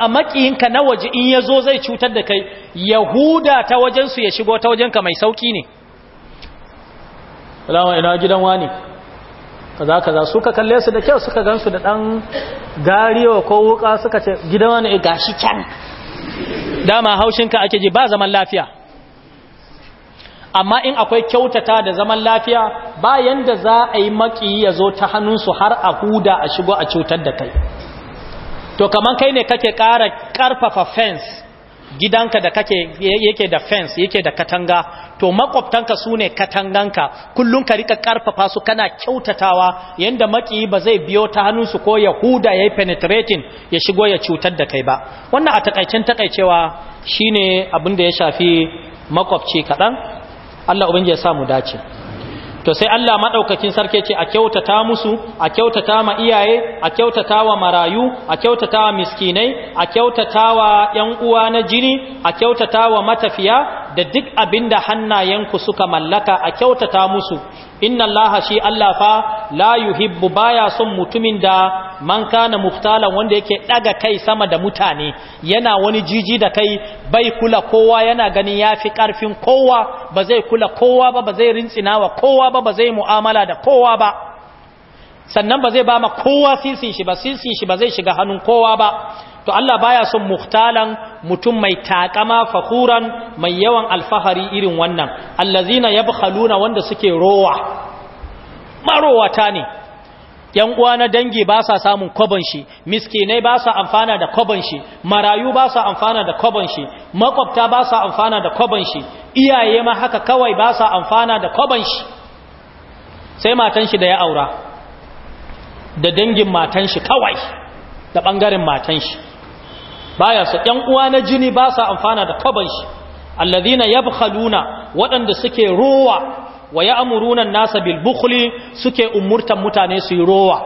makiyinka na waje in ya zo zai cutar da kai ya huda ta wajensu ya shigo ta wajenka mai sauƙi ne alama ina gidan wani kaza kaza suka kalle su da kyau suka gansu da ɗan gariyo ko wuka suka ce gidan wani eh, gashi can dama haushinka ake ji ba zaman lafiya amma in akwai kyautata da zaman lafiya bayan da za a yi maki ya zo ta hannunsu har a huda a shigo a cutar da kai to kamar kai ne kake ƙara ƙarfafa fence gidanka da kake yake da fence yake da katanga to makwabtanka su ne katanganka kullum ka rika karfafa su kana kyautatawa yanda maki ba zai biyo ta hannunsu ko yahuda ya yi penetrating ya shigo ya cutar da kai ba wannan a takaicen takaicewa shine abin da ya shafi makwabci kaɗan allah ubin ya mu dace to sai Allah madaukakin sarki ce a kyautata musu a kyautata ma iyaye a kyautata wa marayu a kyautata wa miskinai a kyautata wa 'yan uwa na jini a kyautata wa matafiya da duk abinda hannayenku suka mallaka a kyautata musu inna allaha shi allah fa la yuhibbu baya son mutumin da man kana muftalan wanda yake ɗaga kai sama da mutane yana wani jiji da kai bai kula kowa yana gani ya fi karfin kowa ba zai kula kowa ba ba zai rintsinawa kowa ba ba zai mu'amala da kowa ba sannan ba zai ba ma kowa sisin shi ba sisin shi ba zai shiga hannun kowa ba to Allah baya son muhtalan mutum mai takama fakhuran mai yawan alfahari irin wannan allazina yabkhaluna wanda suke rowa marowata ne yan uwa na dangi ba sa samun kwabon shi miskinai ba sa amfana da kwabon shi marayu ba sa amfana da kwabon shi makwabta ba sa amfana da kwabon shi iyaye ma haka kawai ba sa amfana da kwabon shi sai matan shi da ya aura da dangin matan shi kawai da ɓangaren matan shi baya sa ƴan uwa na jini ba sa amfana da kaban shi alladhina yabkhaluna waɗanda suke rowa wa ya'muruna an-nasa bil bukhli suke umurtan mutane su yi rowa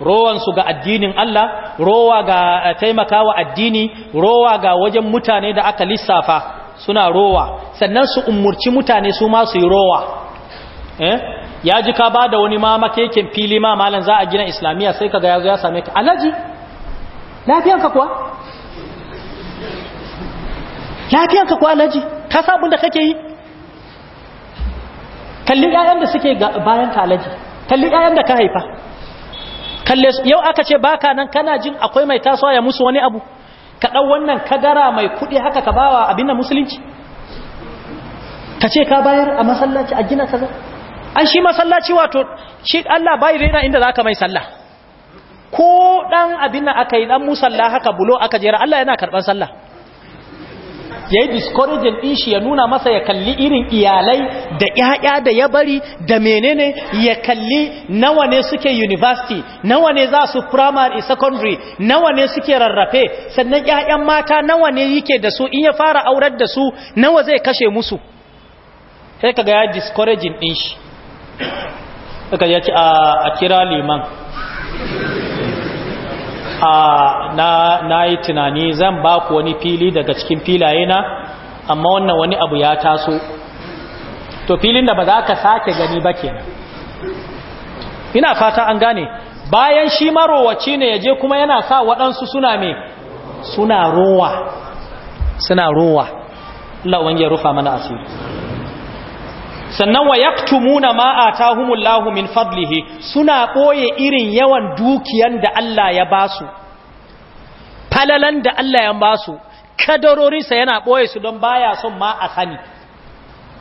rowansu ga addinin Allah rowa ga eh, taimakawa addini rowa ga wajen mutane da aka lissafa suna rowa sannan su umurci mutane su ma su yi rowa eh ya ji ka ba da wani mama keken fili ma malan za a gina islamiyya sai ka yazo ya same ka alaji lafiyanka kuwa lafiyanka ko alaji ka sa da kake yi kalli ƴaƴan da suke bayan ka alaji kalli ƴaƴan da ka haifa kalle yau aka ce baka nan kana jin akwai mai tasowa ya musu wani abu ka ɗau wannan kadara mai kuɗi haka ka bawa abin da musulunci ka ce ka bayar a masallaci a gina kaza an shi masallaci wato shi Allah bai rena inda zaka mai sallah ko dan abin nan aka yi dan musalla haka bulo aka jera Allah yana karban sallah ya yi discouraging din shi ya nuna masa ya kalli irin iyalai da 'ya'ya da ya bari da menene ya kalli nawa ne suke university nawa ne za su primary secondary nawa ne suke rarrafe sannan 'ya'yan mata nawa ne yake da su in ya fara aurar da su nawa zai kashe musu sai kaga ya discouraging ɗinshi shi kaga ya ce a kira liman a na na yi tunani zan ba ku wani fili daga cikin filaye na amma wannan wani abu ya taso to filin da ba za ka sake gani ba kenan ina fata an gane bayan shi marowaci ne ya je kuma yana sa waɗansu suna me suna rowa suna rowa Allah ya rufa mana asiri sannan wa yaktumuna ma atahumullahu min fadlihi suna koye irin yawan dukiyan da Allah ya basu falalan da Allah ya basu kadarorinsa yana boye su don baya son ma a sani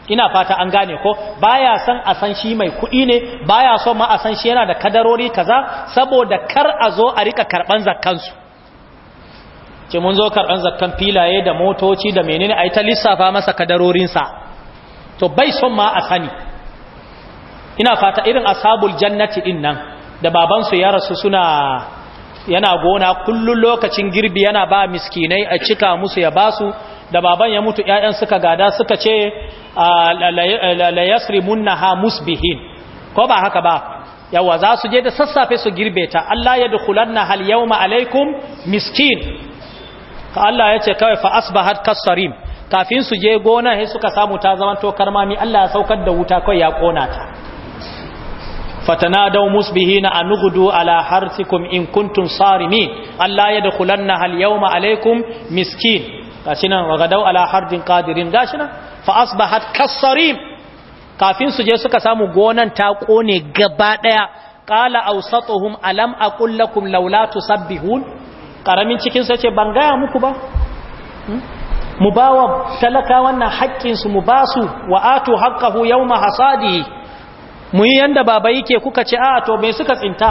ina fata an gane ko baya son a san shi mai kuɗi ne baya son ma a san shi yana da kadarori kaza saboda kar a zo a rika karban zakkansu ce mun zo karban zakkan filaye da motoci da menene a yi ta lissafa masa kadarorinsa to bai son ma a sani ina fata irin ashabul jannati din nan da babansu ya rasu suna yana gona kullun lokacin girbi yana ba miskinai a cika musu ya basu da baban ya mutu ƴaƴan suka gada suka ce la yasrimunha musbihin ko ba haka ba yawa za su je da sassafe su girbe ta Allah ya dukulanna hal yawma alaikum miskin ka Allah ya ce kawai fa asbahat kasarim kafin su je gona sai suka samu ta zaman to karmami Allah ya saukar da wuta kai ya kona ta fatanadaw musbihina a nughdu ala harthikum in kuntum sarimin Allah yadkhulanna hal yawma alaykum miskin gashina wa ala hardin qadirin gashina fa asbahat kasarim kafin su je suka samu gonan ta kone gaba daya qala awsatuhum alam aqul lakum laula tusabbihun karamin cikin sai ce ban gaya muku ba hmm? mu ba wa talaka wannan haƙƙinsu mu ba su wa ato haƙƙahu yau mahasadi mu yi yanda baba yake kuka ce a to mai suka tsinta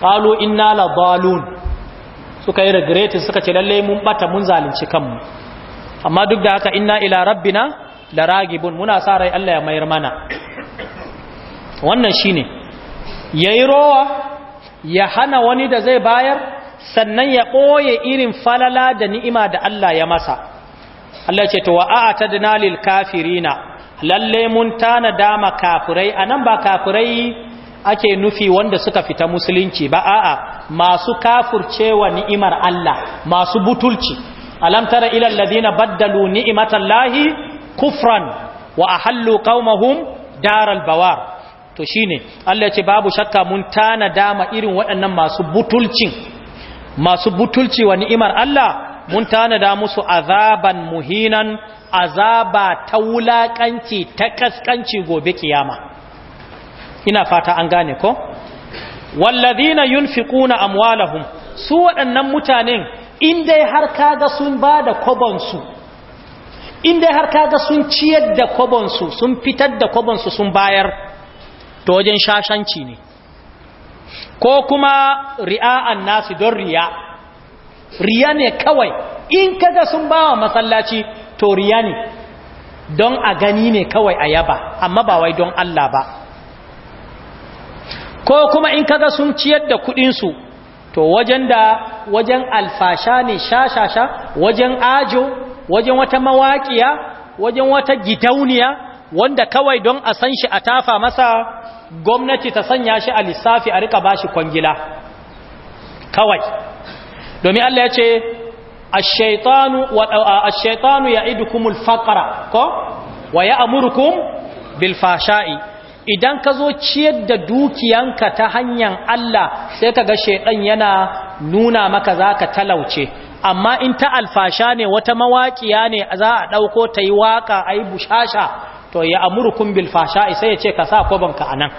ƙalo inna labalun suka yi regretin suka ce lallai mun ɓata mun zalunci kanmu amma duk da haka inna ila rabbina da ragibun muna sa rai Allah ya mayar mana wannan shi ne ya yi rowa ya hana wani da zai bayar sannan ya ɓoye irin falala da ni'ima da Allah ya masa Allah ce to wa'a ta lil kafirina lalle mun tana dama kafirai anan ba kafirai ake nufi wanda suka fita musulunci ba a'a masu kafurcewa ni'imar Allah masu butulci alamtara tara ila alladhina baddalu ni'matallahi kufran wa ahallu qaumahum daral bawar to ne Allah ya ce babu shakka mun tana dama irin waɗannan masu butulcin masu butulci wa ni'imar Allah mun tanada musu azaban muhinan azaba ta wulakanci ta kaskanci gobe kiyama ina fata an gane ko wallazina yunfiquna amwalahum su waɗannan mutanen in dai har kaga sun bada kobon su in dai har kaga sun ciyar da kobon su sun fitar da kobon su sun bayar to wajen shashanci ne ko kuma ri'a'an nasu don riya riya ne kawai in kaga sun bawa masallaci to riya ne don a gani ne kawai a yaba amma ba wai don Allah ba ko kuma in kaga sun ciyar da kudinsu to wajen da wajen alfasha ne shashasha wajen ajo wajen wata mawaƙiya wajen wata gidauniya wanda kawai don a san shi a tafa masa gwamnati ta sanya shi a lissafi a rika bashi kwangila kawai domin Allah ya ce ya idu ya'idukumul mulfakara ko wa ya'murukum bil fashai idan ka zo ciyar da dukiyanka ta hanyar Allah sai ka ga shaidan yana nuna maka za ka talauce amma in ta alfasha ne wata mawaƙiya ne za a ɗauko ta yi waƙa a yi bushasha to ya amurukum bil fashai sai ya ce ka sa kwabanka anan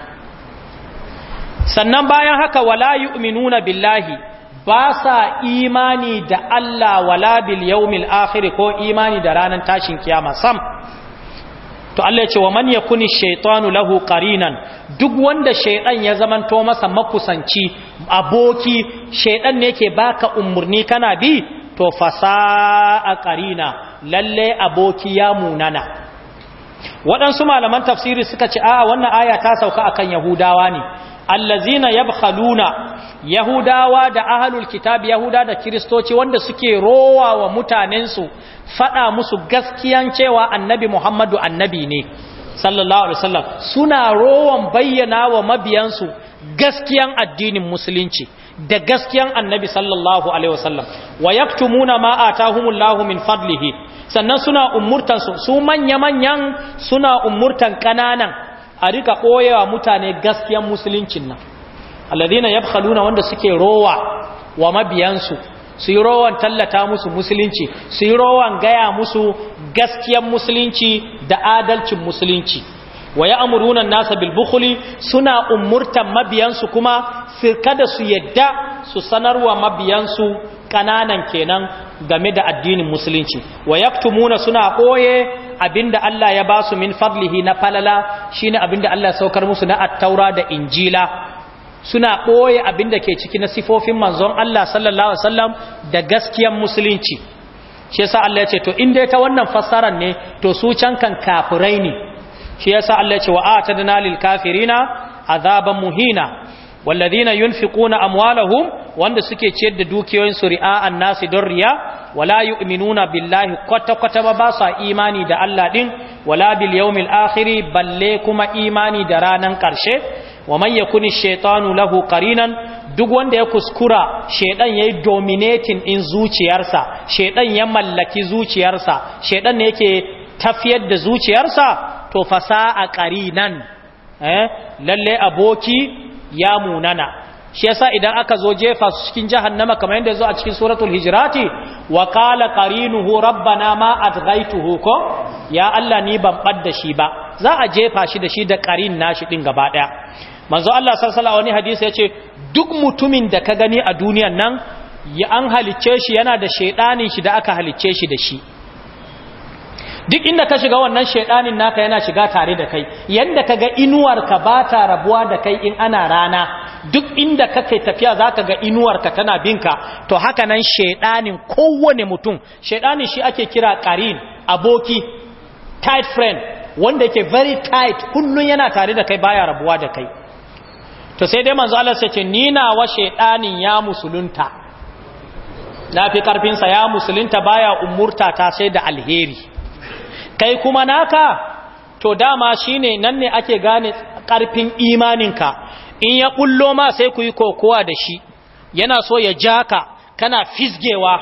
sannan bayan haka wala yu'minuna billahi ba sa imani da Allah wala bil yawmil akhir ko imani da ranar tashin kiyama sam to Allah ya ce wa man yakuni shaytanu lahu qarinan duk wanda shaydan ya zamanto masa makusanci aboki shaydan ne yake baka umurni kana bi to fasa a qarina lalle aboki ya munana waɗansu malaman tafsiri suka ce a wannan aya ta sauka akan yahudawa ne allazina yabkhaluna yahudawa da ahlul kitab yahuda da kristoci wanda suke rowa wa mutanensu fada musu gaskiyan cewa annabi muhammadu annabi ne sallallahu alaihi wasallam suna rowan bayyana wa mabiyansu gaskiyan addinin musulunci da gaskiyan annabi sallallahu alaihi wasallam wa yaktumuna ma atahumullahu min fadlihi sannan suna ummurtan su su manya manyan suna umurtan kananan a rika koyewa mutane gaskiyan musuluncin nan alladhina yabkhaluna wanda suke rowa wa mabiyansu su yi rowan tallata musu musulunci su yi rowan gaya musu gaskiyan musulunci da adalcin musulunci wa ya amuruna nasa bilbukhuli suna umurtan mabiyansu kuma kada su yadda su sanarwa mabiyansu kananan kenan game da addinin musulunci wa suna koye abinda Allah ya basu min fadlihi na falala shine abinda Allah ya saukar musu na attaura da injila suna koye abinda ke ciki na sifofin manzon Allah sallallahu alaihi wasallam da gaskiyar musulunci shi yasa Allah ya ce to in dai ta wannan fassarar ne to su can kan kafirai ne shi yasa Allah ya ce wa atadna lil kafirina azaban muhina walladhina yunfiquna amwalahum wanda suke ciyar da dukiyoyin su ri'a annasi don riya wala yu'minuna billahi kwata kwata ba ba sa imani da Allah din wala bil yawmil akhir balle kuma imani da ranan karshe wa man yakuni shaytanu lahu qarinan duk wanda ya kuskura shedan yayi dominating din zuciyarsa shedan ya mallaki zuciyarsa shedan ne yake tafiyar da zuciyarsa to fasa a ƙarinan eh, lalle aboki ya munana shi yasa idan aka zo jefa su cikin jahannama kamar yadda zo a cikin suratul hijrati wa qala qarinuhu rabbana ma adghaytuhu ko ya Allah ni ban badda shi ba za a jefa shi da shi da qarin nashi din gaba daya manzo Allah sallallahu alaihi wani hadisi yace duk mutumin da ka gani a duniyan nan ya an halicce shi yana da shaydanin shi da aka halicce shi da shi duk inda ka shiga wannan shaidanin naka yana shiga tare da kai yanda inuwar inuwarka ba ta rabuwa da kai in ana rana duk inda ka kai tafiya za ka ga inuwarka tana binka to haka nan shaidanin kowane mutum shaidanin shi ake kira karin aboki tight friend wanda yake very tight kullun yana tare da kai baya rabuwa da kai to sai dai manzo Allah sai ce ni wa shaidanin ya musulunta na fi karfinsa ya musulunta baya umurta ta sai da alheri kai kuma naka to dama shine nan ne ake gane karfin imaninka in ya kullo ma sai ku yi kokowa da shi yana so ya ja ka kana fisgewa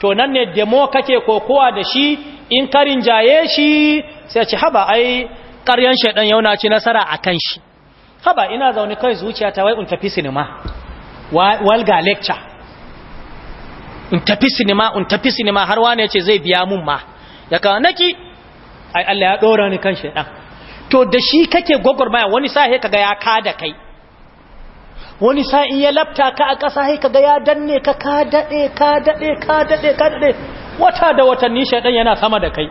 to nan ne demo kake kokowa da shi in karin jaye shi sai ci haba ai ƙaryan shedan yauna ci nasara akan shi haba ina zaune kai zuciya ta wai in tafi sinima walga lecture in tafi sinima in tafi sinima har wane ce zai biya mun ma ya kawo naki ai Allah ya dora ni kan shaidan to da shi kake gwagwarmaya wani sahi kaga ya kada kai wani sa in ya lafta ka a ƙasa haika kaga ya danne ka ka dade ka dade ka dade ka dade wata da watanni shaidan yana sama da kai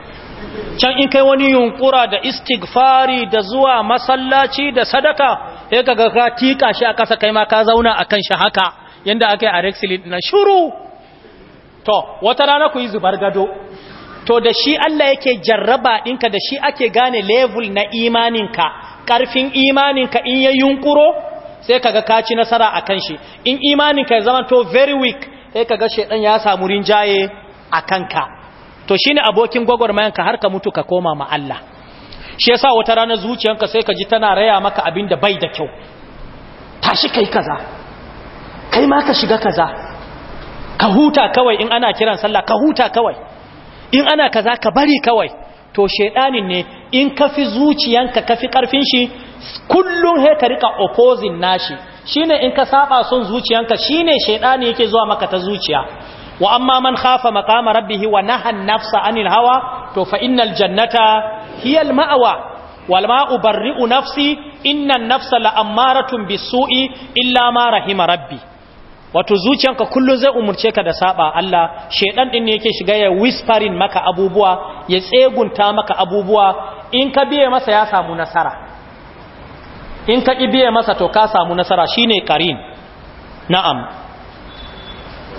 can in kai wani yunkura da istighfari da zuwa masallaci da sadaka sai kaga ka tika shi a ƙasa kai ma ka zauna akan kan shi haka yadda akai a rexilid na shuru to wata rana ku yi zubar gado to da shi Allah yake jarraba ɗinka da shi ake gane level na imaninka ƙarfin imaninka in ya yunkuro sai kaga kaci nasara a kan shi in imaninka ya zama to very weak sai kaga shaidan ya samu rinjaye a kanka to shi ne abokin gwagwarmayanka har ka mutu ka koma ma Allah shi yasa wata ranar zuciyanka sai ka ji tana raya maka abin da bai da kyau tashi kai kaza kai ma ka shiga kaza ka huta kawai in ana kiran sallah ka huta kawai in ana kaza ka bari kawai to shedanin ne in ka fi zuciyanka ka fi karfin shi kullum he ka rika opposing nashi shine in ka saba son zuciyanka shine shedani yake zuwa maka ta zuciya wa amma man khafa maqama rabbihi wa nahan nafsa anil hawa to fa innal jannata hiya al ma'wa wal ma'u barri'u nafsi innan nafsa la'amaratun bisu'i illa ma rahima rabbi wato zuciyanka kullum zai umurce ka da saba Allah shedan din ne yake shiga ya whispering maka abubuwa ya tsegunta maka abubuwa in ka biye masa ya samu nasara in ka biye masa to ka samu nasara shine karin na'am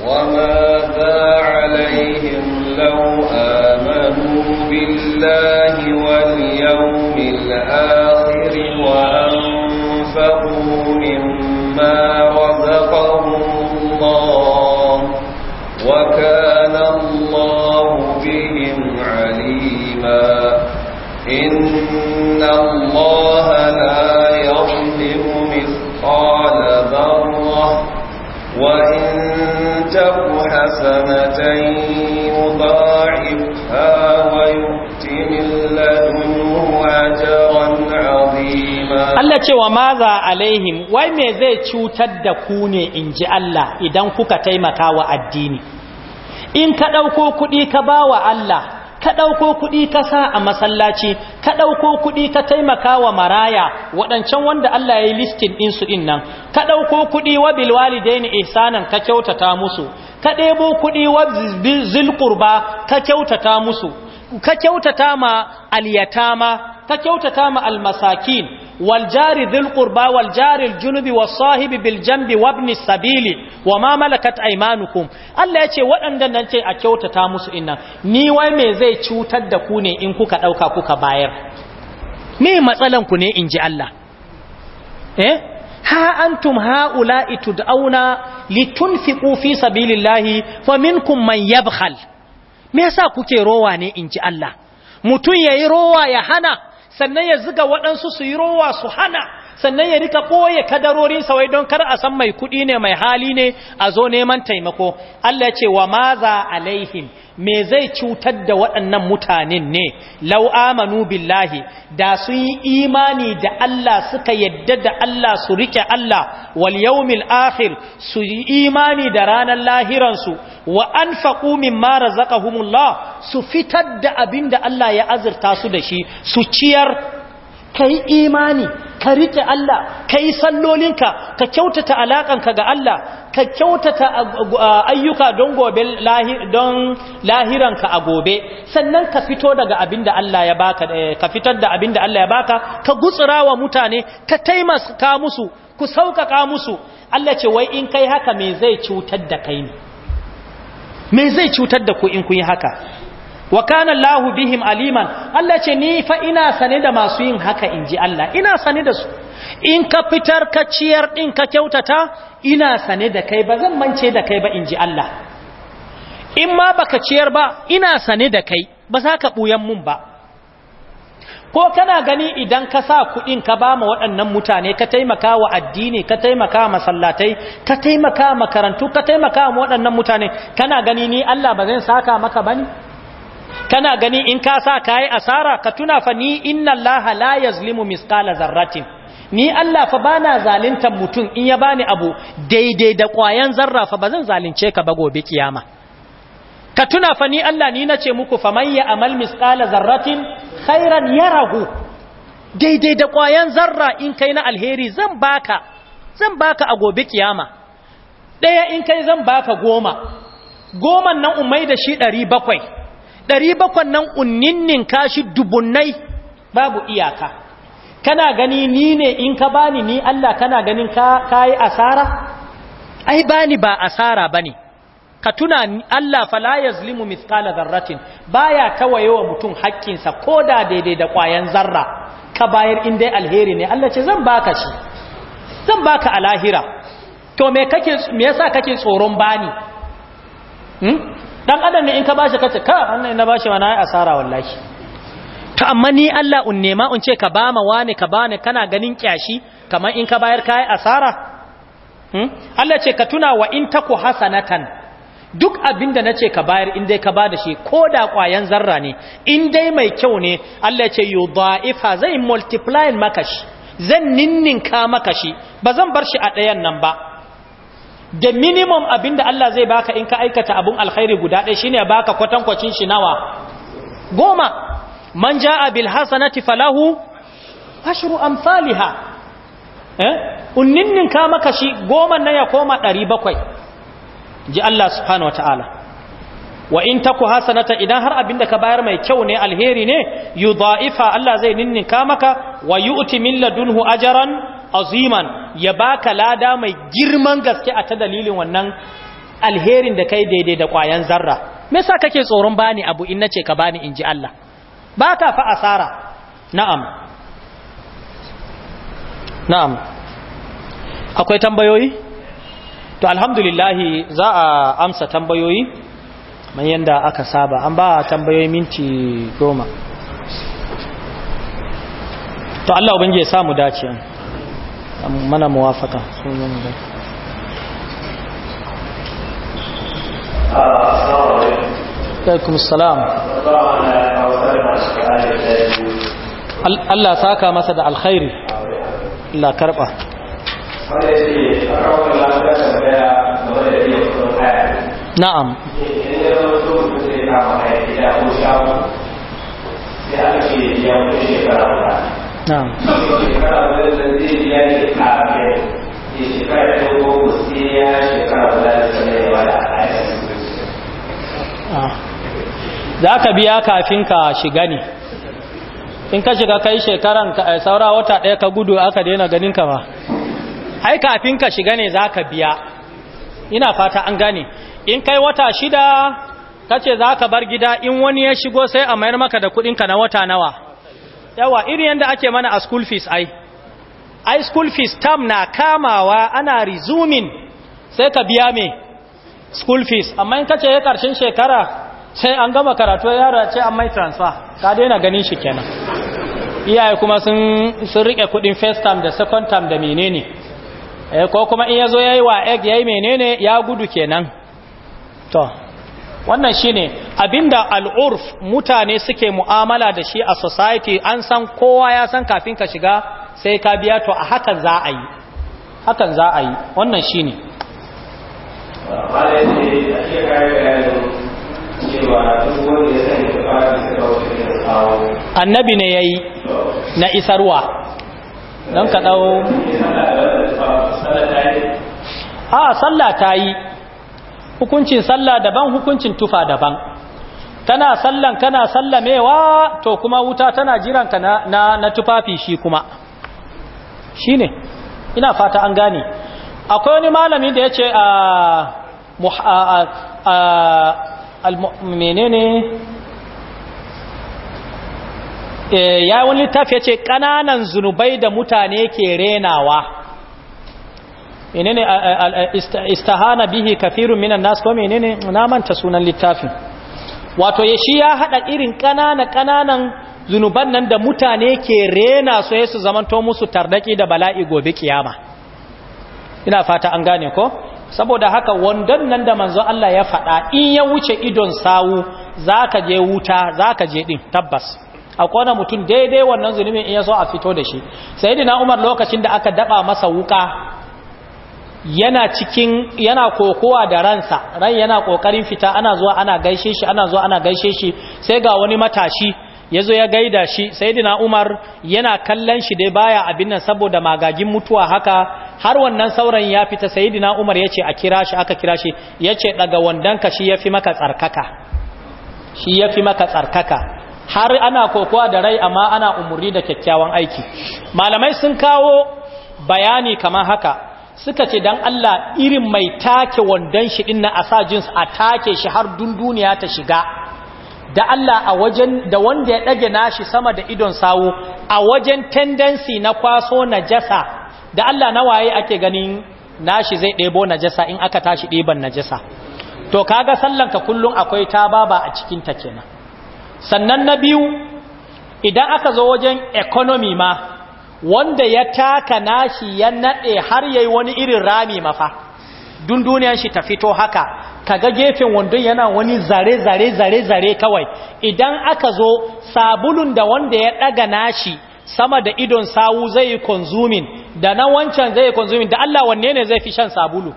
وما ذا عليهم لو آمنوا بالله واليوم الآخر وأنفقوا مما ظلما إن الله لا يظلم مثقال ذرة وإن تك حسنة يضاعفها ويؤت من لدنه أجرا عظيما Allah cewa maza alaihim wai me zai cutar da ku ne inji Allah idan kuka taimakawa addini in ka ɗauko kuɗi ka ba wa Allah ka ɗauko kuɗi ka sa a masallaci ka ɗauko kuɗi ka taimaka wa maraya waɗancan wanda Allah ya yi listin ɗinsu ɗin nan ka ɗauko kuɗi wa walidaini ihsanan ka kyautata musu ka ɗebo kuɗi wa zilkurba ka kyautata musu ka kyautata ma al ka kyautata ma Almasakin masakin wal jari dhil qurba wal jari al-junubi was sahibi bil janbi wabni sabili wama malakat aymanukum Allah yace waɗannan nan ce a kyautata musu innan ni wai me zai cutar da ku ne in kuka dauka kuka bayar me matsalan ku ne inji Allah eh ha antum haula'i tud'auna litunfiqu fi sabilillahi faminkum man yabkhal me yasa kuke rowa ne in ji Allah mutum ya yi rowa ya hana sannan ya ziga waɗansu su yi rowa su hana sannan ya rika ɓoye sa wai don kar a san mai kuɗi ne mai hali ne a zo neman taimako Allah ce wa maza alaihim me zai cutar da waɗannan mutanen ne lau amanu billahi da sun yi imani da Allah suka yadda da Allah su rike Allah wal yawmil akhir su yi imani da ranar lahiransu wa anfaqu mimma razaqahumullah su fitar da abinda Allah ya azurta su da shi su ciyar ka yi imani ka rike Allah ka yi sallolinka ka kyautata alaƙanka ga Allah ka kyautata ayyuka don gobe don lahiranka a gobe sannan ka fito daga abinda Allah ya baka eh, ka fitar da abinda Allah ya baka ka gutsura wa mutane ka taimaka musu ku sauƙaƙa musu Allah ce wai in kai haka me zai cutar da kai ne me zai cutar da ku in kun yi haka wa kana Allahu bihim aliman Allah ce ni fa ina sane da masu yin haka inji Allah ina sane da su in ka fitar ka ciyar din ka kyautata ina sane da kai ba zan mance da kai ba inji Allah in ma baka ciyar ba ina sane da kai ba za ka buyan mun ba ko kana gani idan ka sa kuɗin ka ba waɗannan mutane ka taimaka wa addini ka taimaka masallatai ka taimaka makarantu ka taimaka waɗannan mutane kana gani ni Allah ba zan saka maka bane kana gani in ka sa kayi asara ka tuna fa ni inna allaha la yazlimu misqala zarratin ni Allah fa bana zaluntar mutum in ya bani abu daidai da kwayan zarra fa bazan zalunce ka ba gobe kiyama ka tuna fa ni Allah ni nace muku fa man ya amal misqala zarratin khairan yarahu daidai da kwayan zarra in kai na alheri zan baka zan baka a gobe kiyama daya in kai zan baka goma goman nan umai da shi 700 ɗari bakwan nan unninin kashi dubunnai babu iyaka kana gani ni ne in ka bani ni Allah kana ganin ka yi asara ai bani ba asara bane ka tuna Allah fala yazlimu mithqala dharratin baya tawayewa mutum haƙƙinsa koda daidai da kwayan zarra ka bayar in dai alheri ne Allah ce zan baka shi zan baka alahira to me kake me yasa kake tsoron bani hmm? dan adam ne in ka bashi kace ka wannan na bashi wani asara wallahi to amma ni Allah un nema un ce ka ba wani ka bani kana ganin kyashi kamar in ka bayar kai asara hmm? Allah ce ka tuna wa in taku hasanatan duk abinda nace ka bayar in dai ka bada shi ko da kwayan zarra ne in dai mai kyau ne Allah ce yudha'ifa zai multiply maka shi zan ninninka maka shi bazan bar shi a ɗayan nan ba da minimum abin da Allah zai baka in ka aikata abun alkhairi guda ɗaya shine baka kwatankwacin shi nawa goma man ja bil hasanati falahu ashiru amsalha eh unninnin ka maka shi goma nan ya koma bakwai. ji Allah subhanahu ta'ala, wa in taku hasanata idan har da ka bayar mai kyau ne alheri ne yudha'ifa Allah zai ninninka maka wa yu'ti min ladunhu ajran aziman ya baka lada mai girman gaske a ta dalilin wannan alherin da kai daidai da kwayan zarra me yasa kake tsoron bani abu in nace ka bani inji Allah baka fa asara na'am na'am akwai tambayoyi to alhamdulillah za a amsa tambayoyi man yanda aka saba an ba tambayoyi minti goma to Allah ubangiji ya samu dace mana muwafaka sun zo mu da alaikum salam Allah saka masa da alkhairi la karba na'am ya Ah. za ka biya kafin ka shiga ne in ka shiga kai shekaran eh, saura wata ɗaya ka gudu aka daina ganin ka ba ai kafin ka shiga ne za ka biya ina fata an gane in kai wata shida ka ce za ka bar gida in wani ya shigo sai a mayar maka da kuɗinka na wata nawa yawa irin yadda ake mana a school fees ai ai school fees tam na kamawa ana resuming sai ka biya me school fees amma in kace ya karshen shekara sai an gama karatu yaro ya ce an mai transfer ka daina ganin shi kenan iyaye kuma sun sun rike kudin first term da second term da menene eh ko kuma in yazo yayi wa egg yayi menene ya gudu kenan to wannan shine abinda al'urf mutane suke mu'amala da shi a society an san kowa ya san kafin ka shiga sai ka biya to a hakan za a yi hakan za a yi wannan shine annabi ne ya yi na isarwa don ka ɗau a sallah ta yi ah, hukuncin sallah daban hukuncin tufa daban kana sallan kana sallamewa to kuma wuta tana jiranka na, na, na tufafi shi kuma shi ne ina fata an gane akwai wani malami da ya ce a menene eh, ya wani littafi ya ce ƙananan zunubai da mutane ke renawa menene istahana bihi kafirun minan nas ko menene na manta sunan littafin wato ya shi ya hada irin kanana kananan zunuban nan da mutane ke rena su yasu zamanto musu tardaki da bala'i gobe kiyama ina fata an gane ko saboda haka wandon nan da manzo Allah ya faɗa in ya wuce idon sawu zaka je wuta zaka je din tabbas akwai wani mutum daidai wannan zunubin in ya so a fito da shi sayyidina Umar lokacin da aka daba masa wuka yana cikin yana kokowa da ransa ran yana kokarin fita ana zuwa ana gaishe shi ana zuwa ana gaishe shi sai ga wani matashi yazo ya gaida shi sayyidina Umar yana kallon shi dai baya abin nan saboda magagin mutuwa haka har wannan sauran ya fita sayyidina Umar yace a kira shi aka kira shi yace daga ka shi yafi maka tsarkaka shi yafi maka tsarkaka har ana kokowa da rai amma ana umuri da kyakkyawan aiki malamai sun kawo bayani kamar haka suka ce dan Allah irin mai take wandon shi din a sa jins a take shi har duniya ta shiga da Allah a wajen da wanda ya dage nashi sama da idon sawo a wajen tendency na kwaso najasa da Allah na waye ake ganin nashi zai ɗebo najasa in aka tashi ɗeban najasa to kaga ka kullum akwai ta baba a cikin ta kenan sannan na biyu idan aka zo wajen economy ma wanda ya taka nashi ya naɗe har yayi wani irin rami mafa dun duniyan shi ta fito haka kaga gefen wandon yana wani zare zare zare zare kawai idan aka zo sabulun da wanda ya ɗaga nashi sama da idon sawu zai yi konsumin da na wancan zai yi konsumin da Allah wanne ne zai fi shan sabulu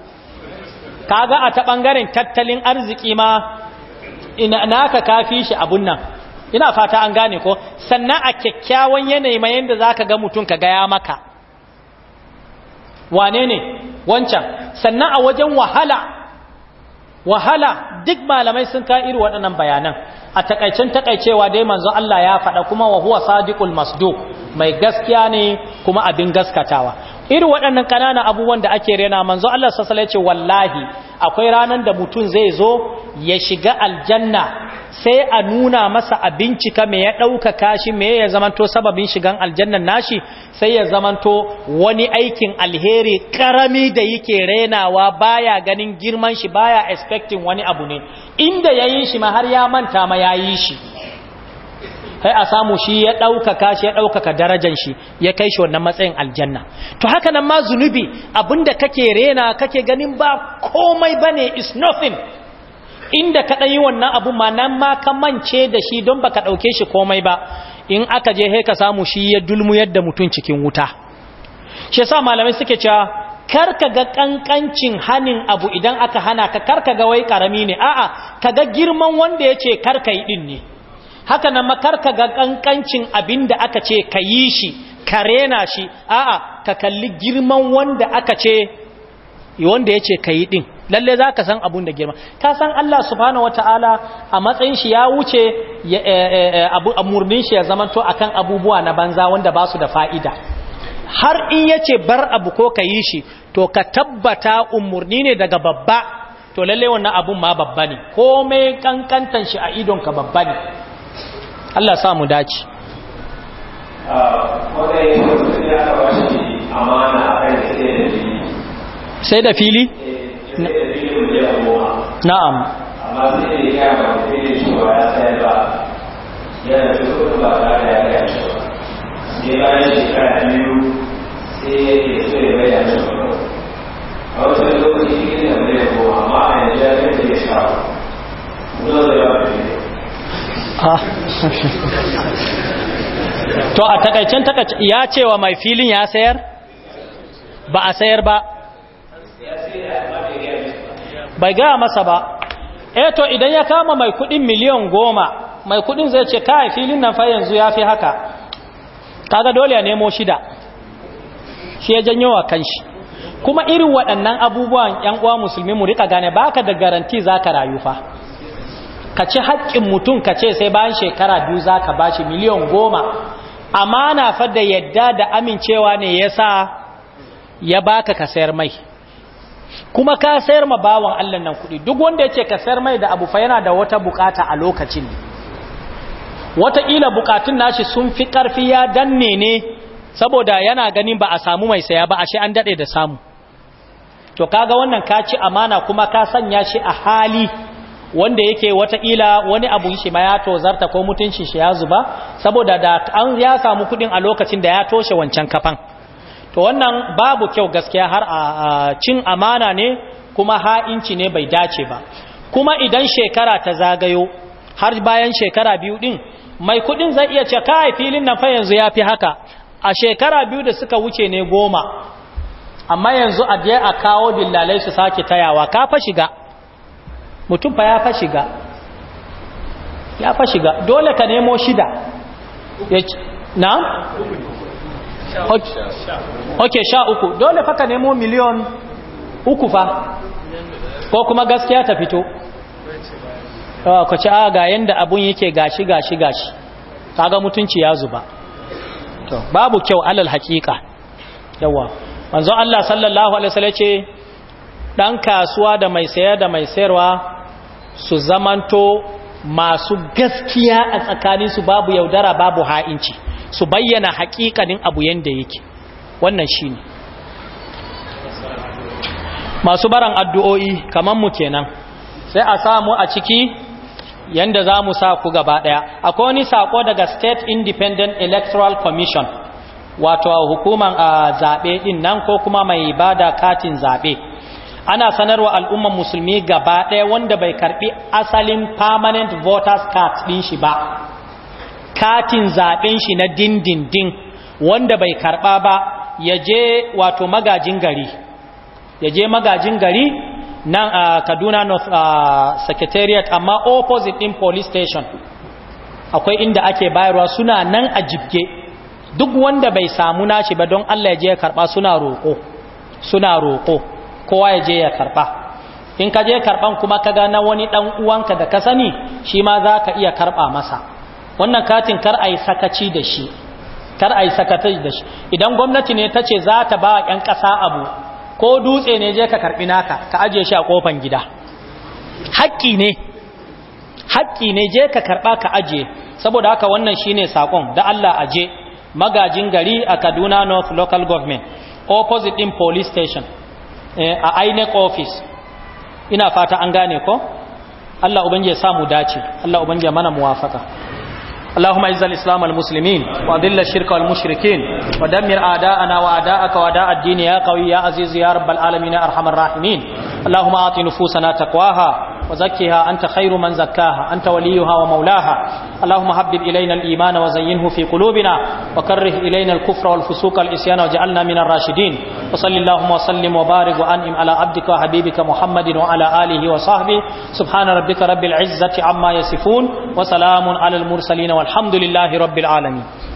kaga a ta ɓangaren tattalin arziki ma ina naka kafi shi abun nan ina fata an gane ko sannan a kyakkyawan yanayi mai yadda za ka ga mutum ka gaya maka wane ne wancan sannan a wajen wahala wahala duk malamai sun ka iri waɗannan bayanan a takaicen takaicewa dai manzo Allah ya faɗa kuma wa huwa sadiqul masduq mai gaskiya ne kuma abin gaskatawa irin waɗannan ƙanana abubuwan da ake rena manzo Allah sassala ya ce wallahi akwai ranar da mutum zai zo ya shiga aljanna sai a nuna masa a bincika me ya ɗaukaka shi me ya zamanto sababin shigan aljannan nashi sai ya zamanto wani aikin alheri ƙarami da yake renawa baya ganin girman shi baya expecting wani abu ne inda ya yi shi ma har ya manta ma ya yi shi sai a samu shi ya ɗaukaka shi ya ɗaukaka darajan shi ya kai shi wannan matsayin aljanna to haka nan ma zunubi abinda kake rena kake ganin ba komai bane is nothing inda ka ɗan yi wannan abu ma nan ma ka mance da shi don baka ɗauke shi komai ba in aka je he ka samu shi ya dulmu yadda mutum cikin wuta shi yasa malamai suke cewa kar ka ga kankancin hanin abu idan aka hana ka kar ka ga wai karami ne a'a ka ga girman wanda yace kar yi din ne haka nan makarka ga kankancin abin da aka ce ka yi shi ka rena shi a'a ka kalli girman wanda aka ce wanda ya ce ka yi ɗin lalle za ka san abun da girma ka san Allah subhanahu wata'ala a matsayin shi ya wuce a eh, eh, eh, murnin shi ya zama zamanto akan abubuwa na banza wanda ba su da fa'ida har in yace bar abu ko ka yi shi to ka tabbata umurni ne daga babba to lalle wannan abun ma babba ne komai kankantan shi a idonka babba ne Allah sa mu dace ah, sai da fili eh, na'am amma sai da ya ba fili cewa ya sai ba da kudin ba ta da ya ga ya ya a wasu lokaci da a yanzu ya da ya ba Ah. to a takaicen ya ce wa mai filin ya sayar ba a sayar ba bai gaya masa ba E to idan ya kama mai kudin miliyan goma mai kudin zai ce kai filin nan fa yanzu ya fi haka kaga dole ya nemo shida shi ya janyo wa kanshi kuma irin waɗannan abubuwan 'yan uwa musulmi mu rika gane baka da garanti za ka rayu fa ka ci haƙƙin mutum ka ce sai bayan shekara biyu za ka ba shi miliyan goma amana fa da yadda da amincewa ne ya sa ya baka ka sayar mai kuma ka sayar ma bawan Allah nan kuɗi duk wanda ya ce ka mai da abu fa yana da wata buƙata a lokacin wataƙila bukatun nashi sun fi ƙarfi ya danne ne saboda yana ganin ba a samu mai saya ba ashe an daɗe da samu to kaga wannan ka ci amana kuma ka sanya shi a hali wanda yake wata wataƙila wani abun shi ma ya tozarta ko mutuncin shi ya zuba saboda da an ya samu kuɗin a lokacin da ya toshe wancan kafan to wannan babu kyau gaskiya har a cin amana ne kuma ha'inci ne bai dace ba kuma idan shekara ta zagayo har bayan shekara biyu din mai kuɗin zai iya ce kai filin nan fa yanzu ya fi haka a shekara biyu da suka wuce ne goma amma yanzu a je a kawo dillalai su sake tayawa ka fa shiga mutum fa ya fa shiga ya fa shiga dole ka nemo shida na? ok sha uku dole fa ka nemo miliyon uku fa ko kuma gaskiya ta fito ka ci a ga yadda abun yake gashi gashi gashi kaga mutunci ya zuba babu kyau alal hakika yawa manzo Allah sallallahu alaihi wasallam ce dan kasuwa da mai sayar da mai sayarwa su zamanto masu gaskiya a tsakaninsu babu yaudara babu ha'inci su bayyana haƙiƙanin abu yanda yake wannan shi ne masu baran addu'o'i kamar mu kenan sai a samu a ciki yanda za mu sa ku gaba ɗaya akwai wani sako daga state independent electoral commission wato hukuman a zaɓe ɗin nan ko kuma mai bada katin zaɓe ana sanarwa al'ummar musulmi gaba ɗaya wanda bai karɓi asalin permanent voters card ɗin shi ba katin zaɓen shi na dindindin wanda bai karɓa ba ya je wato magajin gari ya je magajin gari nan a kaduna north a secretariat amma opposite ɗin police station akwai inda ake bayarwa suna nan a jibge duk wanda bai samu nashi ba don allah ya je ya karɓa suna roƙo suna roƙo kowa ya je ya karɓa in ka je karɓan kuma ka ga na wani ɗan uwanka da ka sani shi ma za ka iya karɓa masa wannan katin kar a yi sakaci da shi kar a yi sakaci da shi idan gwamnati ne ta ce za ta ba ‘yan ƙasa abu ko dutse ne je ka karɓi naka ka ajiye shi a kofan gida haƙƙi ne haƙƙi ne je ka karɓa ka ajiye saboda haka wannan shine saƙon da Allah aje magajin gari a Kaduna North Local Government opposite ɗin police station a INEC office ina fata an gane ko Allah ubangiji ya samu dace Allah ubangiji mana muwafaka اللهم اعز الاسلام المسلمين واذل الشرك والمشركين ودمر اعداءنا واعداءك واعداء الدين يا قوي يا عزيز يا رب العالمين يا ارحم الراحمين اللهم اعط نفوسنا تقواها وزكها أنت خير من زكاها أنت وليها ومولاها اللهم حبب إلينا الإيمان وزينه في قلوبنا وكره إلينا الكفر والفسوق والإسيان واجعلنا من الراشدين وصل اللهم وسلم وبارك وأنعم على عبدك وحبيبك محمد وعلى آله وصحبه سبحان ربك رب العزة عما يصفون وسلام على المرسلين والحمد لله رب العالمين